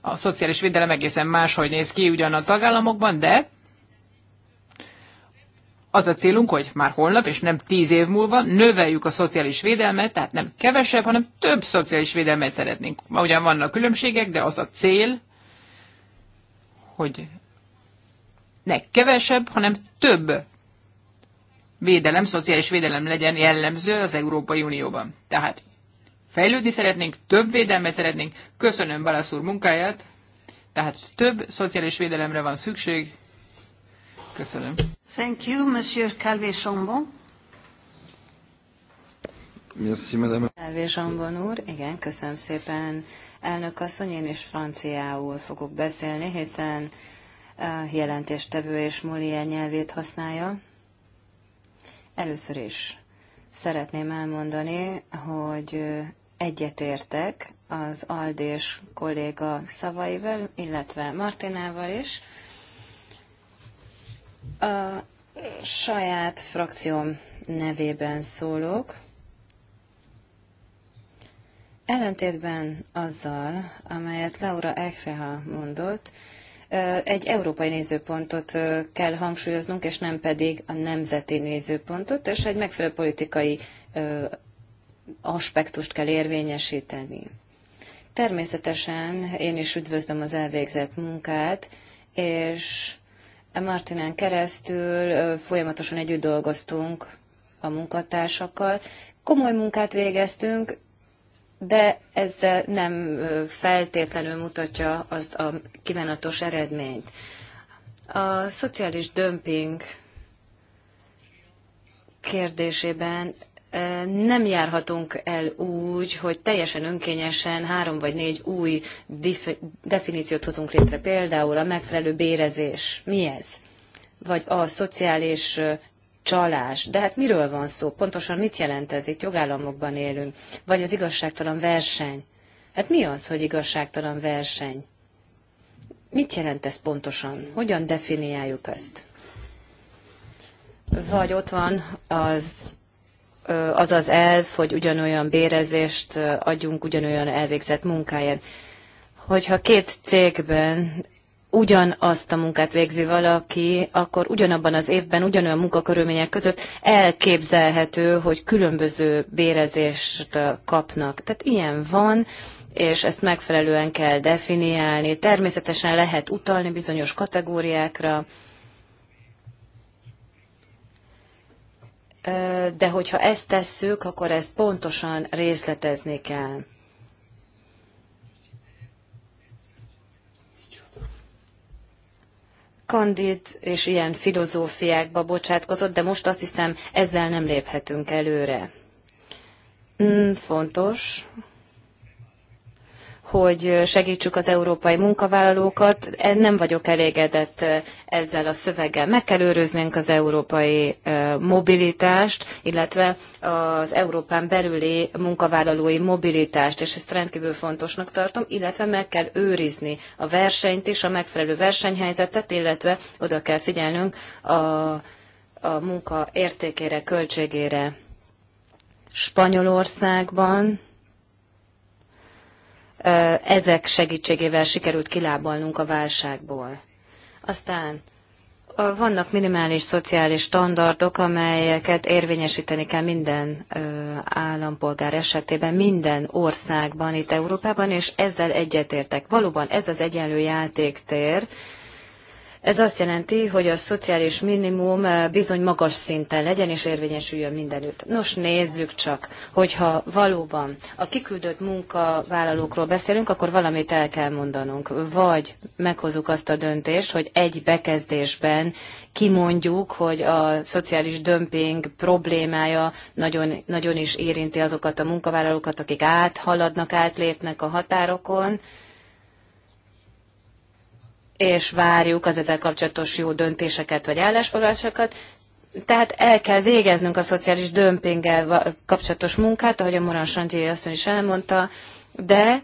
A szociális védelem egészen máshogy néz ki ugyan a tagállamokban, de az a célunk, hogy már holnap, és nem tíz év múlva növeljük a szociális védelmet, tehát nem kevesebb, hanem több szociális védelmet szeretnénk. Ma ugyan vannak különbségek, de az a cél, hogy ne kevesebb, hanem több védelem, szociális védelem legyen jellemző az Európai Unióban. Tehát fejlődni szeretnénk, több védelmet szeretnénk. Köszönöm Balasz úr munkáját, tehát több szociális védelemre van szükség, Köszönöm. Thank you, Monsieur Calvé Sombon. Merci, madame. Calvé Sombon úr, igen, köszönöm szépen. Elnök asszony, én is franciául fogok beszélni, hiszen jelentéstevő és Molière nyelvét használja. Először is szeretném elmondani, hogy egyetértek az Aldés kolléga szavaival, illetve Martinával is, a saját frakcióm nevében szólok. Ellentétben azzal, amelyet Laura Ekreha mondott, egy európai nézőpontot kell hangsúlyoznunk, és nem pedig a nemzeti nézőpontot, és egy megfelelő politikai aspektust kell érvényesíteni. Természetesen én is üdvözlöm az elvégzett munkát, és Martinen keresztül folyamatosan együtt dolgoztunk a munkatársakkal. Komoly munkát végeztünk, de ez nem feltétlenül mutatja azt a kívánatos eredményt. A szociális dömping kérdésében nem járhatunk el úgy, hogy teljesen önkényesen három vagy négy új definíciót hozunk létre, például a megfelelő bérezés. Mi ez? Vagy a szociális csalás. De hát miről van szó? Pontosan mit jelent ez? Itt jogállamokban élünk. Vagy az igazságtalan verseny. Hát mi az, hogy igazságtalan verseny? Mit jelent ez pontosan? Hogyan definiáljuk ezt? Vagy ott van az az az elv, hogy ugyanolyan bérezést adjunk ugyanolyan elvégzett munkáján. Hogyha két cégben ugyanazt a munkát végzi valaki, akkor ugyanabban az évben, ugyanolyan munkakörülmények között elképzelhető, hogy különböző bérezést kapnak. Tehát ilyen van, és ezt megfelelően kell definiálni. Természetesen lehet utalni bizonyos kategóriákra, de hogyha ezt tesszük, akkor ezt pontosan részletezni kell. Kandid és ilyen filozófiákba bocsátkozott, de most azt hiszem ezzel nem léphetünk előre. Mm, fontos, hogy segítsük az európai munkavállalókat. Nem vagyok elégedett eh, ezzel a szöveggel. Meg kell őriznünk az európai eh, mobilitást, illetve az Európán belüli munkavállalói mobilitást, és ezt rendkívül fontosnak tartom, illetve meg kell őrizni a versenyt is, a megfelelő versenyhelyzetet, illetve oda kell figyelnünk a, a munka értékére, költségére. Spanyolországban ezek segítségével sikerült kilábalnunk a válságból. Aztán vannak minimális szociális standardok, amelyeket érvényesíteni kell minden állampolgár esetében, minden országban, itt Európában, és ezzel egyetértek. Valóban ez az egyenlő játéktér, ez azt jelenti, hogy a szociális minimum eh, bizony magas szinten legyen és érvényesüljön mindenütt. Nos, nézzük csak, hogyha valóban a kiküldött munkavállalókról beszélünk, akkor valamit el kell mondanunk. Vagy meghozunk azt a döntést, hogy egy bekezdésben kimondjuk, hogy a szociális dömping problémája nagyon, nagyon is érinti azokat a munkavállalókat, akik áthaladnak, átlépnek a határokon, és várjuk az ezzel kapcsolatos jó döntéseket vagy állásfoglalásokat. Tehát el kell végeznünk a szociális dömpinggel kapcsolatos munkát, ahogy a Morán Santyé azt is elmondta, de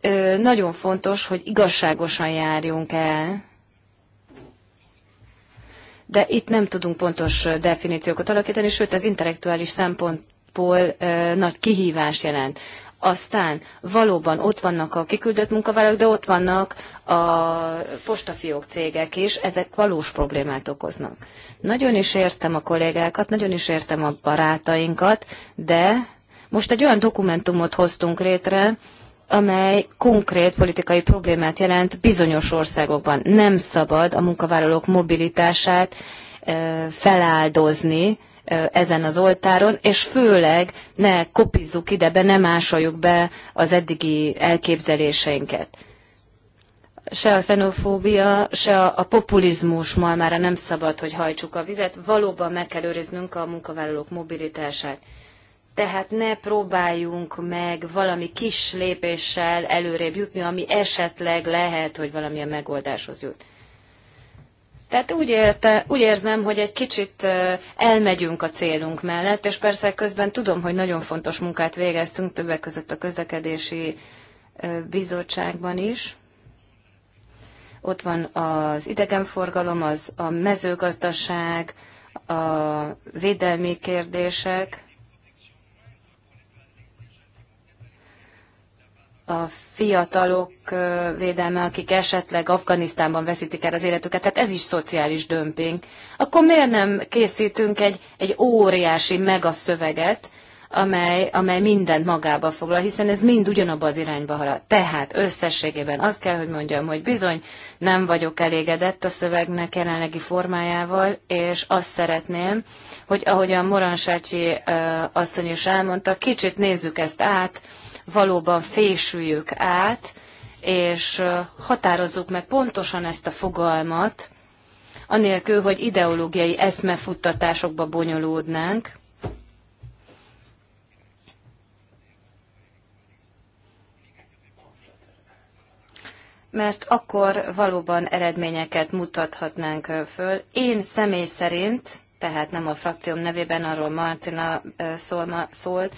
ö, nagyon fontos, hogy igazságosan járjunk el. De itt nem tudunk pontos definíciókat alakítani, sőt az intellektuális szempontból ö, nagy kihívás jelent. Aztán valóban ott vannak a kiküldött munkavállalók, de ott vannak a postafiók cégek is, ezek valós problémát okoznak. Nagyon is értem a kollégákat, nagyon is értem a barátainkat, de most egy olyan dokumentumot hoztunk létre, amely konkrét politikai problémát jelent bizonyos országokban. Nem szabad a munkavállalók mobilitását feláldozni, ezen az oltáron, és főleg ne kopizzuk ide be, ne másoljuk be az eddigi elképzeléseinket. Se a xenofóbia, se a populizmus már nem szabad, hogy hajtsuk a vizet, valóban meg kell őriznünk a munkavállalók mobilitását. Tehát ne próbáljunk meg valami kis lépéssel előrébb jutni, ami esetleg lehet, hogy valamilyen megoldáshoz jut. Tehát úgy, érte, úgy érzem, hogy egy kicsit elmegyünk a célunk mellett, és persze közben tudom, hogy nagyon fontos munkát végeztünk többek között a közlekedési bizottságban is. Ott van az idegenforgalom, az a mezőgazdaság, a védelmi kérdések, a fiatalok védelme, akik esetleg Afganisztánban veszítik el az életüket, tehát ez is szociális dömping. Akkor miért nem készítünk egy, egy óriási megaszöveget, amely, amely mindent magába foglal, hiszen ez mind ugyanabba az irányba halad. Tehát összességében azt kell, hogy mondjam, hogy bizony nem vagyok elégedett a szövegnek jelenlegi formájával, és azt szeretném, hogy ahogyan Moransácsi asszony is elmondta, kicsit nézzük ezt át, valóban fésüljük át, és határozzuk meg pontosan ezt a fogalmat, anélkül, hogy ideológiai eszmefuttatásokba bonyolódnánk. mert akkor valóban eredményeket mutathatnánk föl. Én személy szerint, tehát nem a frakcióm nevében, arról Martina szól, szólt,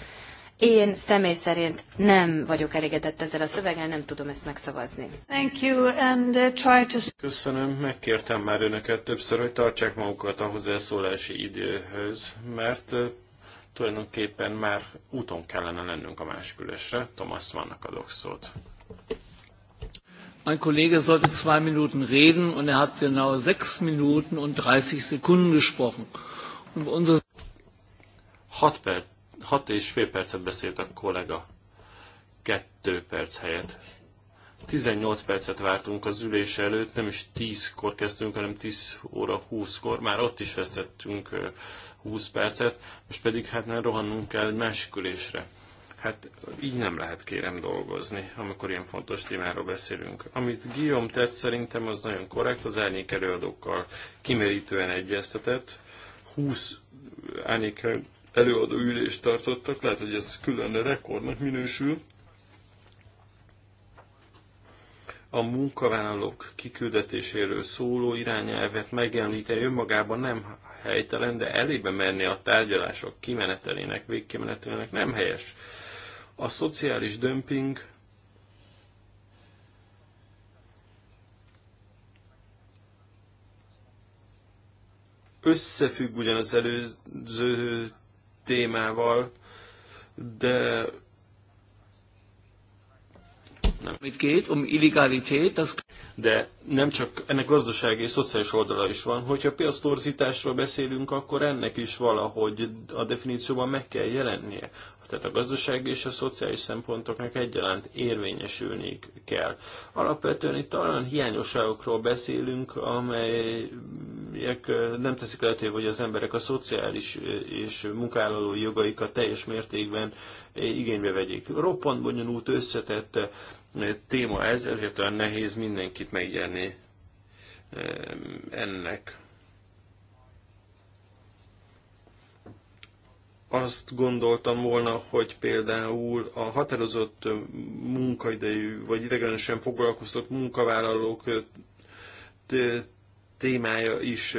én személy szerint nem vagyok elégedett ezzel a szöveggel, nem tudom ezt megszavazni. Thank you, and uh, try to... Köszönöm, megkértem már önöket többször, hogy tartsák magukat a hozzászólási időhöz, mert uh, tulajdonképpen már úton kellene lennünk a másik ülésre. Thomas, vannak adok szót. Mein Kollege sollte zwei Minuten reden und er hat genau sechs Minuten und 30 Sekunden gesprochen. Und unsere 6 perc Hat és fél percet beszélt a kollega. Kettő perc helyett. 18 percet vártunk az ülés előtt, nem is 10-kor kezdtünk, hanem 10 óra 20-kor, már ott is vesztettünk 20 percet, most pedig hát nem rohannunk kell egy másik ülésre. Hát így nem lehet kérem dolgozni, amikor ilyen fontos témáról beszélünk. Amit Guillaume tett szerintem az nagyon korrekt, az árnyék előadókkal kimerítően egyeztetett, 20 árnyék előadó ülést tartottak, lehet, hogy ez külön rekordnak minősül. A munkavállalók kiküldetéséről szóló irányelvet megjeleníteni önmagában nem helytelen, de elébe menni a tárgyalások kimenetelének, végkimenetelének nem helyes. A szociális dömping összefügg ugyan az előző témával, de Mit geht um illegalität, das... De nem csak ennek gazdasági és szociális oldala is van. Hogyha piactorzításról beszélünk, akkor ennek is valahogy a definícióban meg kell jelennie tehát a gazdasági és a szociális szempontoknak egyaránt érvényesülni kell. Alapvetően itt olyan hiányosságokról beszélünk, amelyek nem teszik lehetővé, hogy az emberek a szociális és munkállalói jogaikat teljes mértékben igénybe vegyék. Roppant bonyolult összetett téma ez, ezért olyan nehéz mindenkit megjelni ennek azt gondoltam volna, hogy például a határozott munkaidejű vagy idegenesen foglalkoztott munkavállalók témája is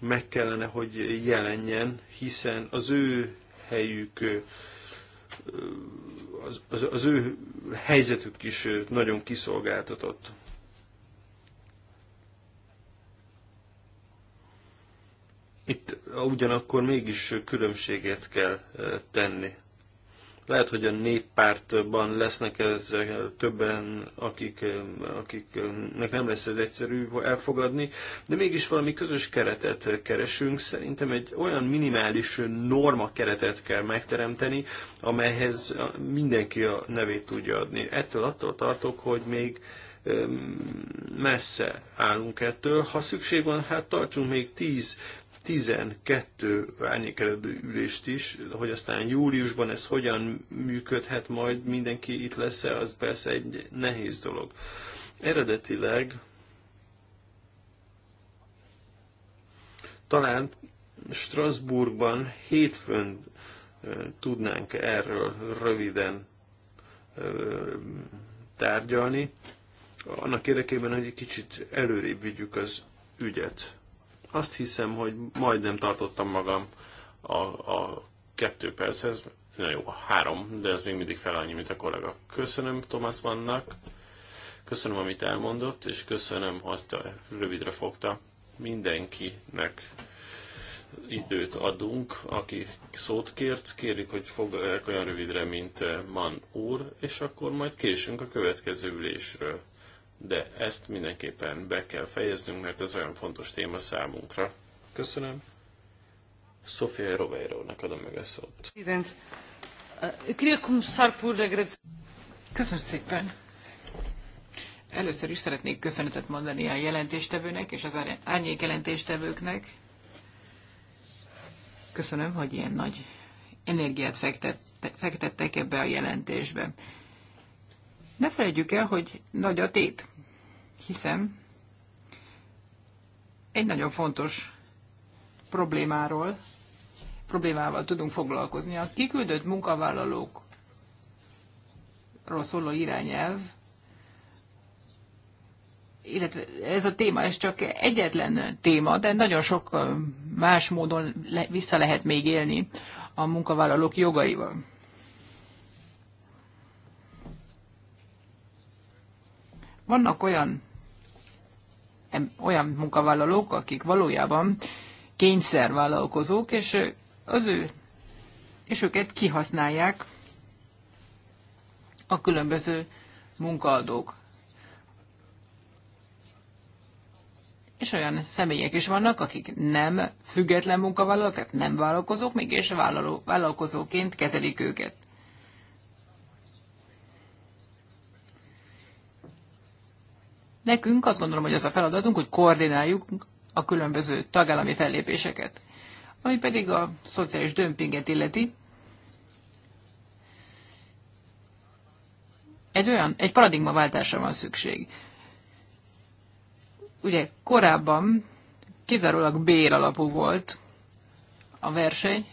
meg kellene, hogy jelenjen, hiszen az ő helyük, az, az, az ő helyzetük is nagyon kiszolgáltatott. Itt ugyanakkor mégis különbséget kell tenni. Lehet, hogy a néppártban lesznek ez többen, akik, akiknek nem lesz ez egyszerű elfogadni, de mégis valami közös keretet keresünk. Szerintem egy olyan minimális norma keretet kell megteremteni, amelyhez mindenki a nevét tudja adni. Ettől attól tartok, hogy még, messze állunk ettől. Ha szükség van, hát tartsunk még 10 12 árnyékelődő ülést is, hogy aztán júliusban ez hogyan működhet, majd mindenki itt lesz-e, az persze egy nehéz dolog. Eredetileg talán Strasbourgban hétfőn tudnánk erről röviden tárgyalni, annak érdekében, hogy egy kicsit előrébb vigyük az ügyet. Azt hiszem, hogy majdnem tartottam magam a, a kettő perchez, na jó, a három, de ez még mindig fel annyi, mint a kollega. Köszönöm Thomas Vannak, köszönöm, amit elmondott, és köszönöm, hogy azt rövidre fogta mindenkinek időt adunk, aki szót kért, kérjük, hogy foglalják olyan rövidre, mint eh, Man úr, és akkor majd késünk a következő ülésről de ezt mindenképpen be kell fejeznünk, mert ez olyan fontos téma számunkra. Köszönöm. Sofia Roveiro-nak adom meg a szót. Uh, Köszönöm szépen. Először is szeretnék köszönetet mondani a jelentéstevőnek és az árnyék jelentéstevőknek. Köszönöm, hogy ilyen nagy energiát fektettek ebbe a jelentésbe. Ne felejtjük el, hogy nagy a tét hiszen egy nagyon fontos problémáról, problémával tudunk foglalkozni. A kiküldött munkavállalókról szóló irányelv, illetve ez a téma, ez csak egyetlen téma, de nagyon sok más módon le, vissza lehet még élni a munkavállalók jogaival. Vannak olyan olyan munkavállalók, akik valójában kényszervállalkozók, és az ő, és őket kihasználják a különböző munkaadók. És olyan személyek is vannak, akik nem független munkavállalók, tehát nem vállalkozók, mégis vállaló, vállalkozóként kezelik őket. Nekünk azt gondolom, hogy az a feladatunk, hogy koordináljuk a különböző tagállami fellépéseket. Ami pedig a szociális dömpinget illeti, egy olyan, egy paradigmaváltásra van szükség. Ugye korábban kizárólag bér alapú volt a verseny,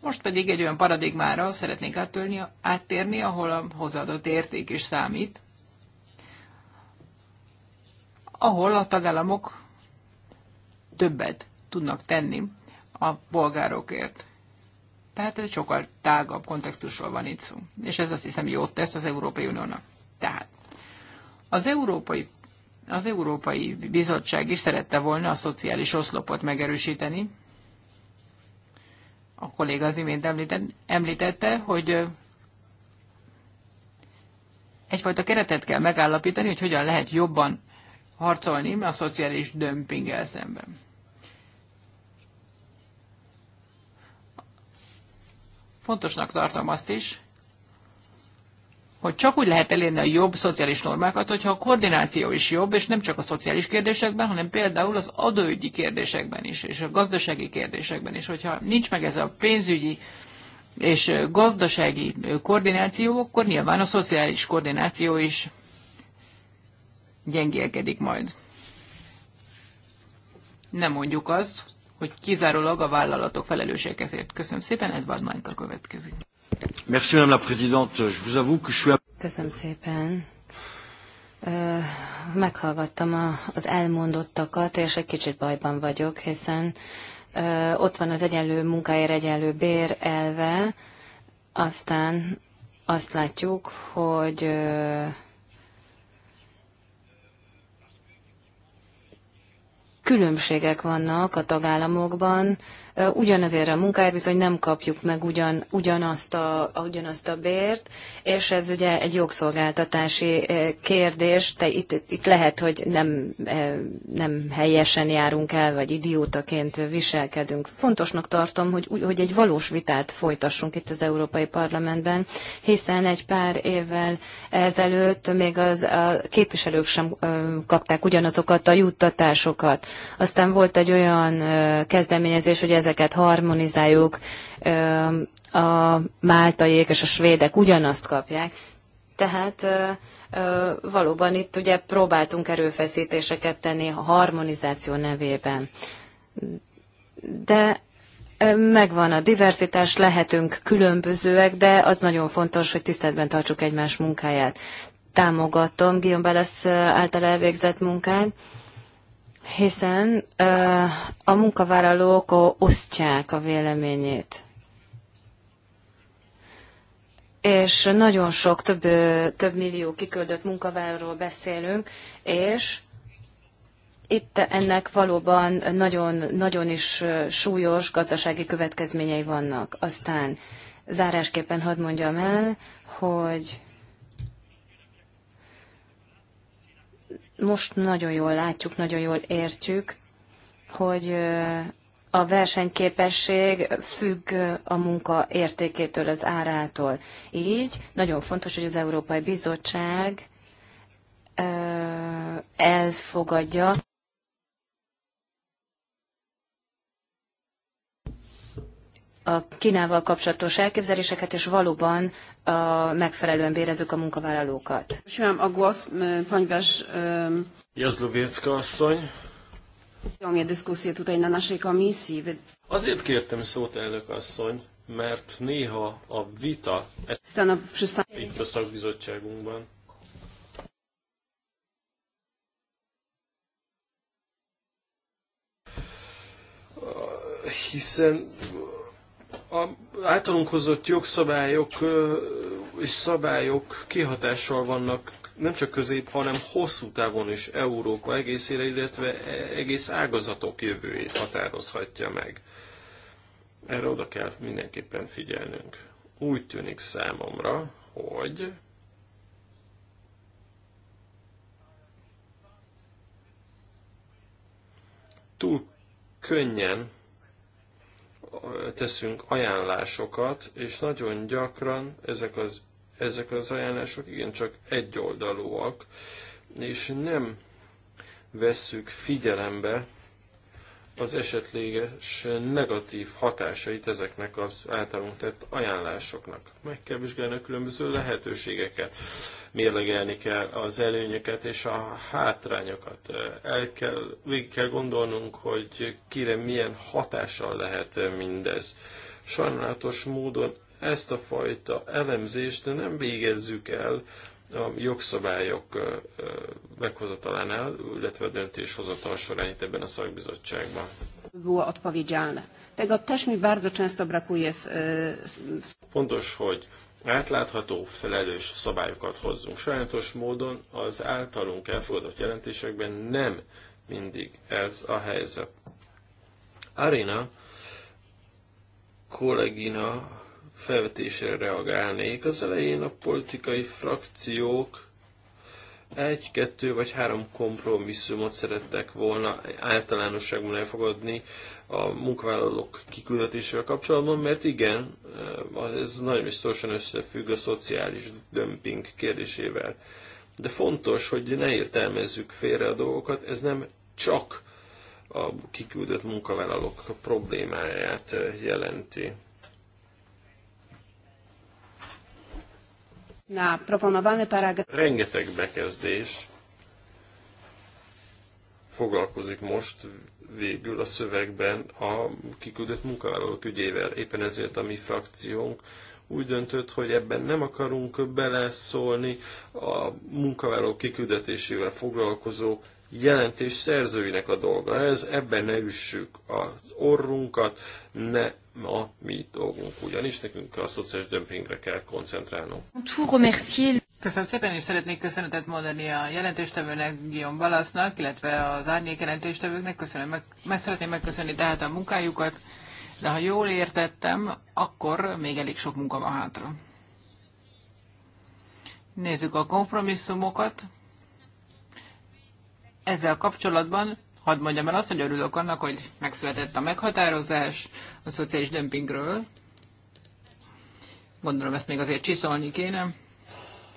most pedig egy olyan paradigmára szeretnék áttörni, áttérni, ahol a hozzáadott érték is számít ahol a tagállamok többet tudnak tenni a bolgárokért. Tehát ez sokkal tágabb kontextusról van itt szó. És ez azt hiszem jót tesz az Európai Uniónak. Tehát az Európai, az Európai Bizottság is szerette volna a szociális oszlopot megerősíteni. A kolléga az imént említette, hogy egyfajta keretet kell megállapítani, hogy hogyan lehet jobban harcolni a szociális dömpinggel szemben. Fontosnak tartom azt is, hogy csak úgy lehet elérni a jobb szociális normákat, hogyha a koordináció is jobb, és nem csak a szociális kérdésekben, hanem például az adóügyi kérdésekben is, és a gazdasági kérdésekben is. Hogyha nincs meg ez a pénzügyi és gazdasági koordináció, akkor nyilván a szociális koordináció is gyengélkedik majd. Nem mondjuk azt, hogy kizárólag a vállalatok felelősség ezért. Köszönöm szépen, Edward Mainka következik. Merci, Madame la Présidente. Je vous avoue que je suis... Köszönöm szépen. meghallgattam az elmondottakat, és egy kicsit bajban vagyok, hiszen ott van az egyenlő munkáért egyenlő bér elve, aztán azt látjuk, hogy különbségek vannak a tagállamokban, ugyanazért a munkáért bizony nem kapjuk meg ugyan, ugyanazt, a, ugyanazt a bért, és ez ugye egy jogszolgáltatási kérdés, te itt, itt lehet, hogy nem, nem helyesen járunk el, vagy idiótaként viselkedünk. Fontosnak tartom, hogy, hogy egy valós vitát folytassunk itt az Európai Parlamentben, hiszen egy pár évvel ezelőtt még az a képviselők sem kapták ugyanazokat a juttatásokat. Aztán volt egy olyan kezdeményezés, hogy ez ezeket harmonizáljuk, a máltaiék és a svédek ugyanazt kapják. Tehát valóban itt ugye próbáltunk erőfeszítéseket tenni a harmonizáció nevében. De megvan a diversitás, lehetünk különbözőek, de az nagyon fontos, hogy tiszteletben tartsuk egymás munkáját. Támogatom Guillaume Belesz által elvégzett munkát, hiszen a munkavállalók osztják a véleményét. És nagyon sok, több, több millió kiküldött munkavállalóról beszélünk, és itt ennek valóban nagyon, nagyon is súlyos gazdasági következményei vannak. Aztán zárásképpen hadd mondjam el, hogy most nagyon jól látjuk, nagyon jól értjük, hogy a versenyképesség függ a munka értékétől, az árától. Így nagyon fontos, hogy az Európai Bizottság elfogadja a Kínával kapcsolatos elképzeléseket, és valóban a, megfelelően bérezzük a munkavállalókat. Simán a GOSZ, ponieważ... Jazlowiecka asszony. Ami dyskusję tutaj a naszej komisji. Azért kértem szót, elnök asszony, mert néha a vita itt a szakbizottságunkban. Hiszen a általunk hozott jogszabályok és szabályok kihatással vannak nem csak közép, hanem hosszú távon is Európa egészére, illetve e, egész ágazatok jövőjét határozhatja meg. Erre oda kell mindenképpen figyelnünk. Úgy tűnik számomra, hogy túl könnyen teszünk ajánlásokat, és nagyon gyakran ezek az, ezek az ajánlások igencsak egyoldalúak, és nem vesszük figyelembe az esetleges negatív hatásait ezeknek az általunk tett ajánlásoknak. Meg kell vizsgálni a különböző lehetőségeket, mérlegelni kell az előnyöket és a hátrányokat. El kell, végig kell gondolnunk, hogy kire milyen hatással lehet mindez. Sajnálatos módon ezt a fajta elemzést nem végezzük el a jogszabályok meghozatalánál, illetve a döntéshozatal során itt ebben a szakbizottságban. E, Fontos, hogy átlátható, felelős szabályokat hozzunk. Sajnos módon az általunk elfogadott jelentésekben nem mindig ez a helyzet. Arina kollégina felvetésre reagálnék. Az elején a politikai frakciók egy, kettő vagy három kompromisszumot szerettek volna általánosságban elfogadni a munkavállalók kiküldetésével kapcsolatban, mert igen, eh, ez nagyon biztosan összefügg a szociális dömping kérdésével. De fontos, hogy ne értelmezzük félre a dolgokat, ez nem csak a kiküldött munkavállalók problémáját jelenti. Na, proponowany paragraf... Rengeteg bekezdés foglalkozik most végül a szövegben a kiküldött munkavállalók ügyével. Éppen ezért a mi frakciónk úgy döntött, hogy ebben nem akarunk beleszólni a munkavállalók kiküldetésével foglalkozó jelentés szerzőinek a dolga ez, ebben ne üssük az orrunkat, ne ma mi dolgunk, ugyanis nekünk a szociális dömpingre kell koncentrálnunk. Köszönöm szépen, és szeretnék köszönetet mondani a jelentéstevőnek, Guillaume Balasznak, illetve az árnyék jelentéstevőknek. Köszönöm, meg, meg szeretném megköszönni tehát a munkájukat, de ha jól értettem, akkor még elég sok munka van hátra. Nézzük a kompromisszumokat. Ezzel kapcsolatban Hadd mondjam el azt, hogy örülök annak, hogy megszületett a meghatározás a szociális dömpingről. Gondolom ezt még azért csiszolni kéne,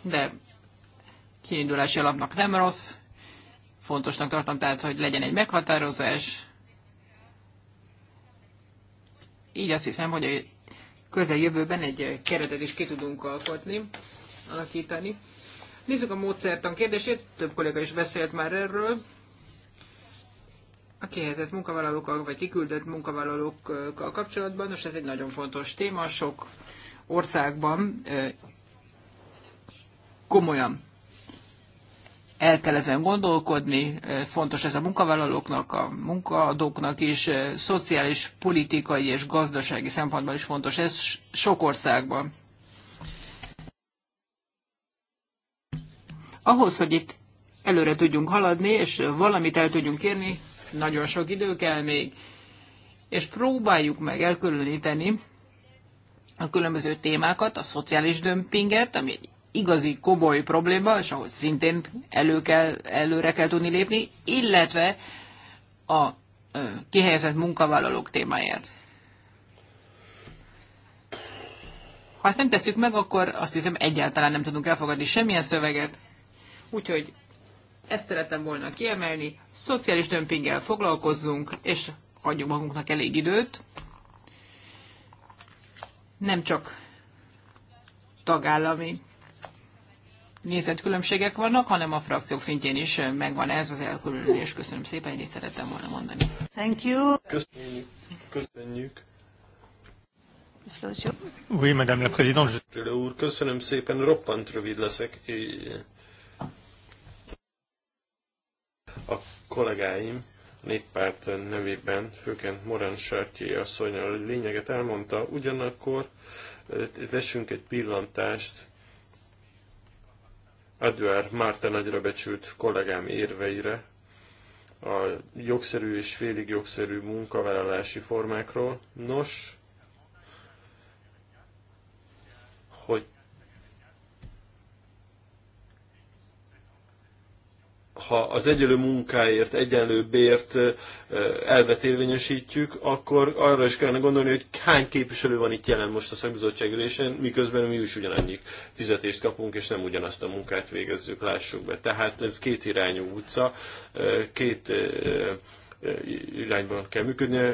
de kiindulási alapnak nem rossz. Fontosnak tartom tehát, hogy legyen egy meghatározás. Így azt hiszem, hogy a közeljövőben egy keretet is ki tudunk alkotni, alakítani. Nézzük a módszertan kérdését, több kolléga is beszélt már erről a kihelyezett munkavállalókkal, vagy kiküldött munkavállalókkal kapcsolatban. Nos, ez egy nagyon fontos téma, sok országban komolyan el kell ezen gondolkodni, fontos ez a munkavállalóknak, a munkaadóknak is, szociális, politikai és gazdasági szempontból is fontos ez sok országban. Ahhoz, hogy itt előre tudjunk haladni, és valamit el tudjunk érni, nagyon sok idő kell még, és próbáljuk meg elkülöníteni a különböző témákat, a szociális dömpinget, ami egy igazi komoly probléma, és ahhoz szintén elő kell, előre kell tudni lépni, illetve a kihelyezett munkavállalók témáját. Ha ezt nem tesszük meg, akkor azt hiszem egyáltalán nem tudunk elfogadni semmilyen szöveget. Úgyhogy ezt szeretem volna kiemelni. Szociális dömpinggel foglalkozzunk, és adjunk magunknak elég időt. Nem csak tagállami nézetkülönbségek vannak, hanem a frakciók szintjén is megvan ez az elkülönülés. Köszönöm szépen, ennyit szerettem volna mondani. Thank you. Köszönjük. Köszönjük. Oui, Madame la Présidente. köszönöm szépen, roppant rövid leszek. A kollégáim a néppárt nevében, főként Morán Sartjé asszony a lényeget elmondta, ugyanakkor eh, vessünk egy pillantást Eduard Márta nagyra becsült kollégám érveire, a jogszerű és félig jogszerű munkavállalási formákról. Nos, ha az egyenlő munkáért, egyenlő bért elvet érvényesítjük, akkor arra is kellene gondolni, hogy hány képviselő van itt jelen most a szakbizottság ülésén, miközben mi is ugyanannyi fizetést kapunk, és nem ugyanazt a munkát végezzük, lássuk be. Tehát ez két irányú utca, két irányban kell működni.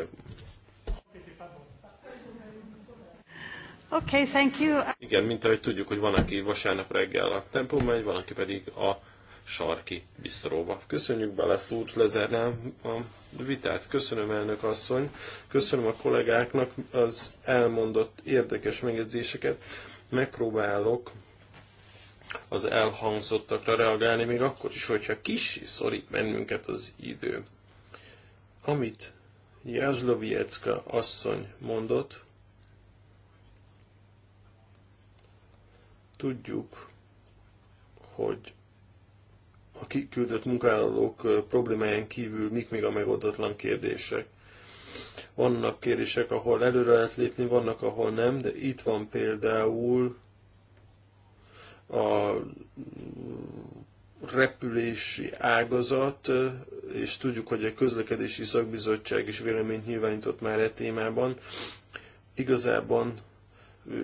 Okay, thank you. Igen, mint ahogy tudjuk, hogy van, aki vasárnap reggel a tempó megy, van, aki pedig a sarki biszróba. Köszönjük bele úr, lezárnám a vitát. Köszönöm elnök asszony, köszönöm a kollégáknak az elmondott érdekes megjegyzéseket. Megpróbálok az elhangzottakra reagálni, még akkor is, hogyha kis szorít bennünket az idő. Amit Jászloviecka asszony mondott, tudjuk, hogy a kiküldött munkavállalók problémáján kívül mik még a megoldatlan kérdések. Vannak kérdések, ahol előre lehet lépni, vannak, ahol nem, de itt van például a repülési ágazat, és tudjuk, hogy a közlekedési szakbizottság is véleményt nyilvánított már e témában. Igazában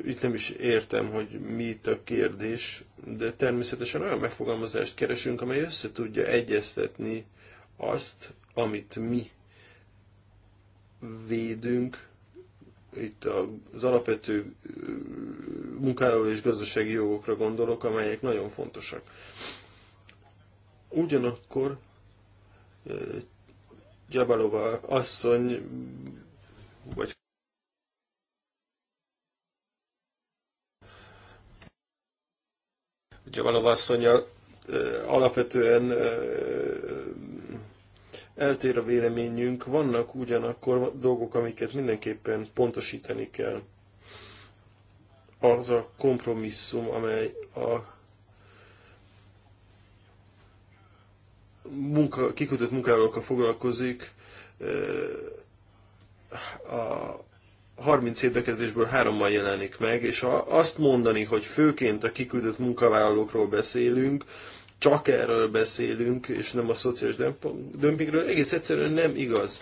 itt nem is értem, hogy mi itt a kérdés, de természetesen olyan megfogalmazást keresünk, amely össze tudja egyeztetni azt, amit mi védünk, itt az alapvető munkáról és gazdasági jogokra gondolok, amelyek nagyon fontosak. Ugyanakkor Gyabalova asszony, vagy Dzsabalov asszonyjal alapvetően eltér a véleményünk, vannak ugyanakkor dolgok, amiket mindenképpen pontosítani kell. Az a kompromisszum, amely a munka, kikötött munkálókkal foglalkozik, a 37 bekezdésből hárommal jelenik meg, és ha azt mondani, hogy főként a kiküldött munkavállalókról beszélünk, csak erről beszélünk, és nem a szociális dömpingről, egész egyszerűen nem igaz.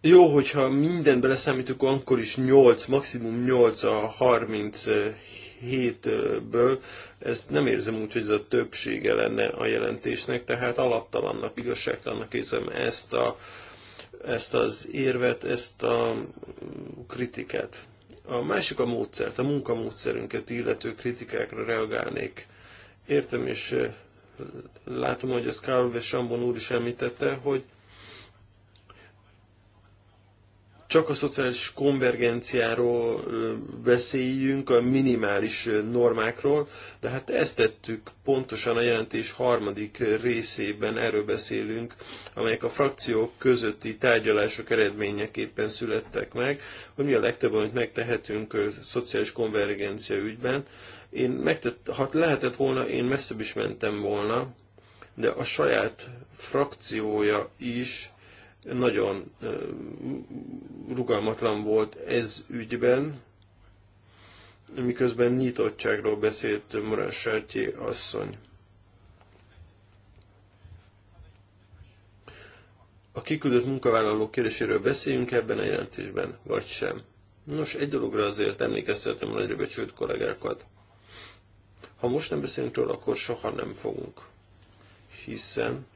Jó, hogyha mindent beleszámítjuk, akkor is 8, maximum 8 a 37-ből. Eh, ezt nem érzem úgy, hogy ez a többsége lenne a jelentésnek, tehát alaptalannak, igazságtalannak érzem ezt a ezt az érvet, ezt a kritikát. A másik a módszert, a munkamódszerünket illető kritikákra reagálnék. Értem és eh, látom, hogy ezt Kálve Sambon úr is említette, hogy csak a szociális konvergenciáról beszéljünk, a minimális normákról, de hát ezt tettük pontosan a jelentés harmadik részében, erről beszélünk, amelyek a frakciók közötti tárgyalások eredményeképpen születtek meg, hogy mi a legtöbb, amit megtehetünk a szociális konvergencia ügyben. Én megtett, ha lehetett volna, én messzebb is mentem volna, de a saját frakciója is nagyon rugalmatlan volt ez ügyben, miközben nyitottságról beszélt Morán Sártyé asszony. A kiküldött munkavállalók kérdéséről beszéljünk ebben a jelentésben, vagy sem. Nos, egy dologra azért emlékeztetem a nagyra becsült kollégákat. Ha most nem beszélünk róla, akkor soha nem fogunk. Hiszen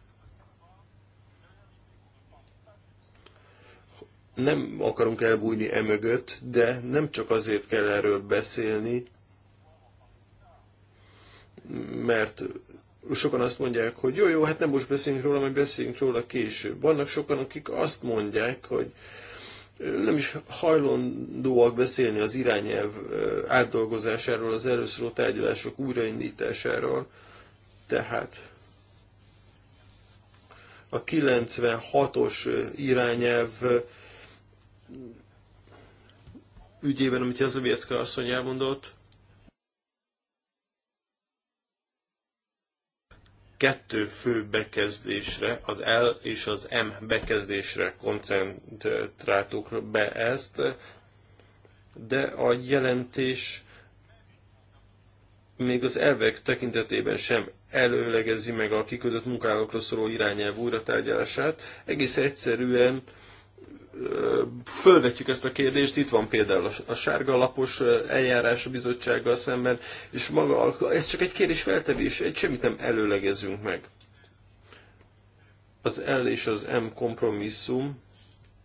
nem akarunk elbújni emögött, de nem csak azért kell erről beszélni, mert sokan azt mondják, hogy jó, jó, hát nem most beszélünk róla, majd beszélünk róla később. Vannak sokan, akik azt mondják, hogy nem is hajlandóak beszélni az irányelv átdolgozásáról, az előszöró tárgyalások újraindításáról. Tehát a 96-os irányelv ügyében, amit Jazlovjecka asszony elmondott, kettő fő bekezdésre, az L és az M bekezdésre koncentráltuk be ezt, de a jelentés még az elvek tekintetében sem előlegezi meg a kiküldött munkálókra szóló irányelv újratárgyalását. Egész egyszerűen fölvetjük ezt a kérdést, itt van például a sárga lapos eljárás a bizottsággal szemben, és maga, ez csak egy kérdés feltevés, egy semmit nem előlegezünk meg. Az L és az M kompromisszum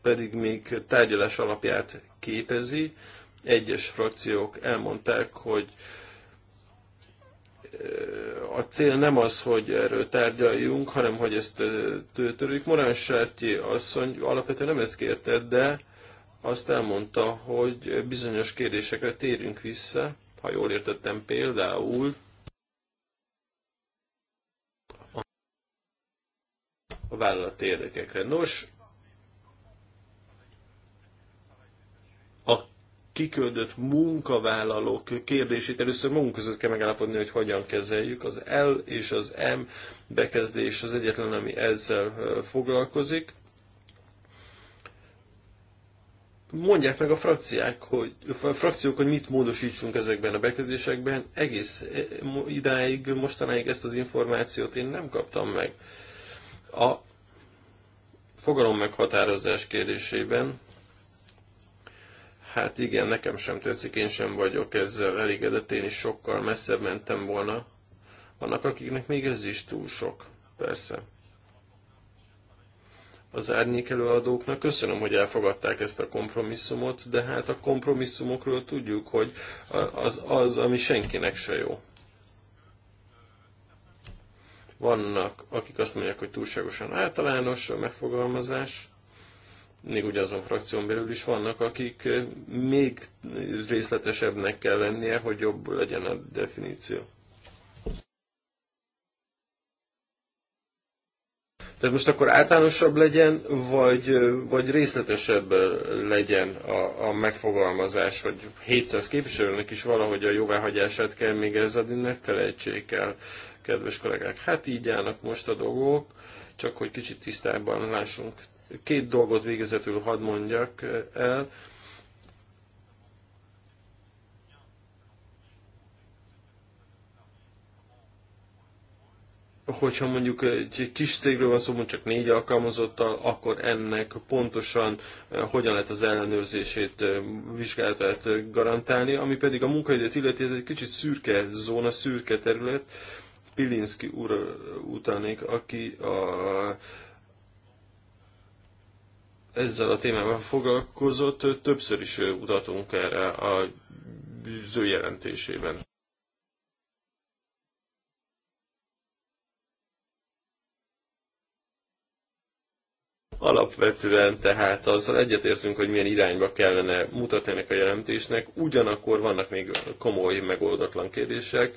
pedig még tárgyalás alapját képezi. Egyes frakciók elmondták, hogy a cél nem az, hogy erről tárgyaljunk, hanem hogy ezt törjük. Morán Sártyi asszony alapvetően nem ezt kérte, de azt elmondta, hogy bizonyos kérdésekre térünk vissza, ha jól értettem például, a vállalati érdekekre. Nos, kiküldött munkavállalók kérdését először magunk között kell megállapodni, hogy hogyan kezeljük. Az L és az M bekezdés az egyetlen, ami ezzel foglalkozik. Mondják meg a, frakciák, hogy, a frakciók, hogy mit módosítsunk ezekben a bekezdésekben. Egész e, idáig, mostanáig ezt az információt én nem kaptam meg. A fogalom meghatározás kérdésében Hát igen, nekem sem tetszik, én sem vagyok ezzel elégedett, én is sokkal messzebb mentem volna. Vannak, akiknek még ez is túl sok, persze. Az árnyék előadóknak köszönöm, hogy elfogadták ezt a kompromisszumot, de hát a kompromisszumokról tudjuk, hogy az, az ami senkinek se jó. Vannak, akik azt mondják, hogy túlságosan általános a megfogalmazás, még ugyanazon frakción belül is vannak, akik eh, még részletesebbnek kell lennie, hogy jobb legyen a definíció. Tehát most akkor általánosabb legyen, vagy, eh, vagy részletesebb eh, legyen a, a megfogalmazás, hogy 700 képviselőnek is valahogy a jóváhagyását kell még ez adni, ne felejtsék el, kedves kollégák. Hát így állnak most a dolgok, csak hogy kicsit tisztában lássunk Két dolgot végezetül hadd mondjak el. hogyha mondjuk egy kis cégről van szó, mondjuk csak négy alkalmazottal, akkor ennek pontosan eh, hogyan lehet az ellenőrzését, eh, vizsgálatát garantálni, ami pedig a munkaidőt illeti, ez egy kicsit szürke zóna, szürke terület. Pilinszki úr eh, utánék, aki a ezzel a témával foglalkozott, többször is utatunk erre a ő jelentésében. Alapvetően tehát azzal egyetértünk, hogy milyen irányba kellene mutatni ennek a jelentésnek, ugyanakkor vannak még komoly megoldatlan kérdések,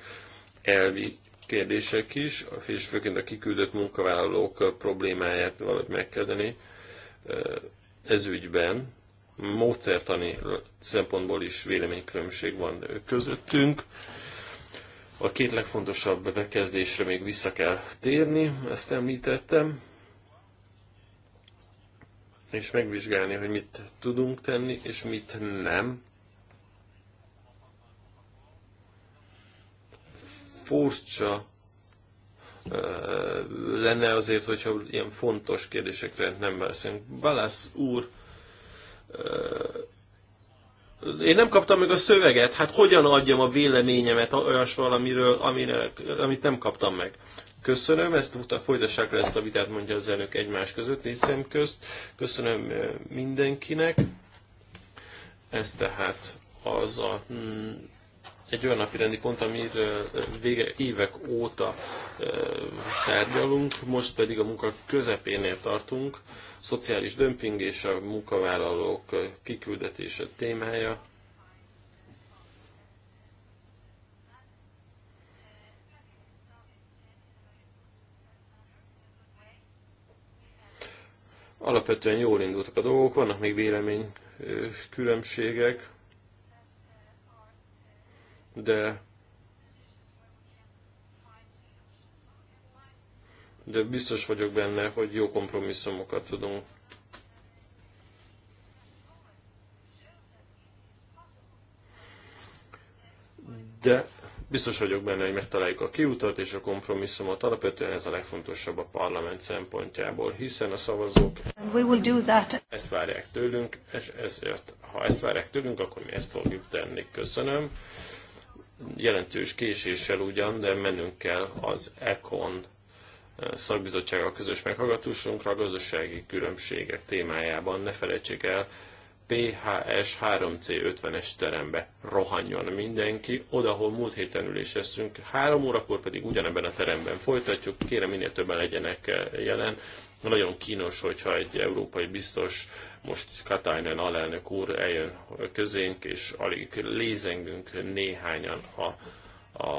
elvi kérdések is, és főként a kiküldött munkavállalók problémáját valahogy megkezdeni ezügyben módszertani szempontból is véleménykülönbség van közöttünk. A két legfontosabb bekezdésre még vissza kell térni, ezt említettem, és megvizsgálni, hogy mit tudunk tenni, és mit nem. Furcsa lenne azért, hogyha ilyen fontos kérdésekre nem beszélünk. Balász úr, én nem kaptam meg a szöveget, hát hogyan adjam a véleményemet olyas valamiről, amire, amit nem kaptam meg. Köszönöm, ezt folytassák le ezt a vitát, mondja az elnök egymás között, négy szem közt. Köszönöm mindenkinek. Ez tehát az a mm, egy olyan napi rendi pont, amiről vége évek óta tárgyalunk, most pedig a munka közepénél tartunk. A szociális dömping és a munkavállalók kiküldetése témája. Alapvetően jól indultak a dolgok, vannak még vélemény különbségek, de de biztos vagyok benne, hogy jó kompromisszumokat tudunk de biztos vagyok benne, hogy megtaláljuk a kiutat és a kompromisszumot. Alapvetően ez a legfontosabb a parlament szempontjából, hiszen a szavazók ezt várják tőlünk, és ezért, ha ezt várják tőlünk, akkor mi ezt fogjuk tenni. Köszönöm jelentős késéssel ugyan, de mennünk kell az ECON eh, szakbizottsággal közös meghallgatásunkra a gazdasági különbségek témájában. Ne felejtsék el, PHS 3C50-es terembe rohanjon mindenki, oda, ahol múlt héten üléseztünk, három órakor pedig ugyanebben a teremben folytatjuk, kérem minél többen legyenek eh, jelen. Nagyon kínos, hogyha egy európai biztos, most Katainen alelnök úr eljön közénk, és alig lézengünk néhányan a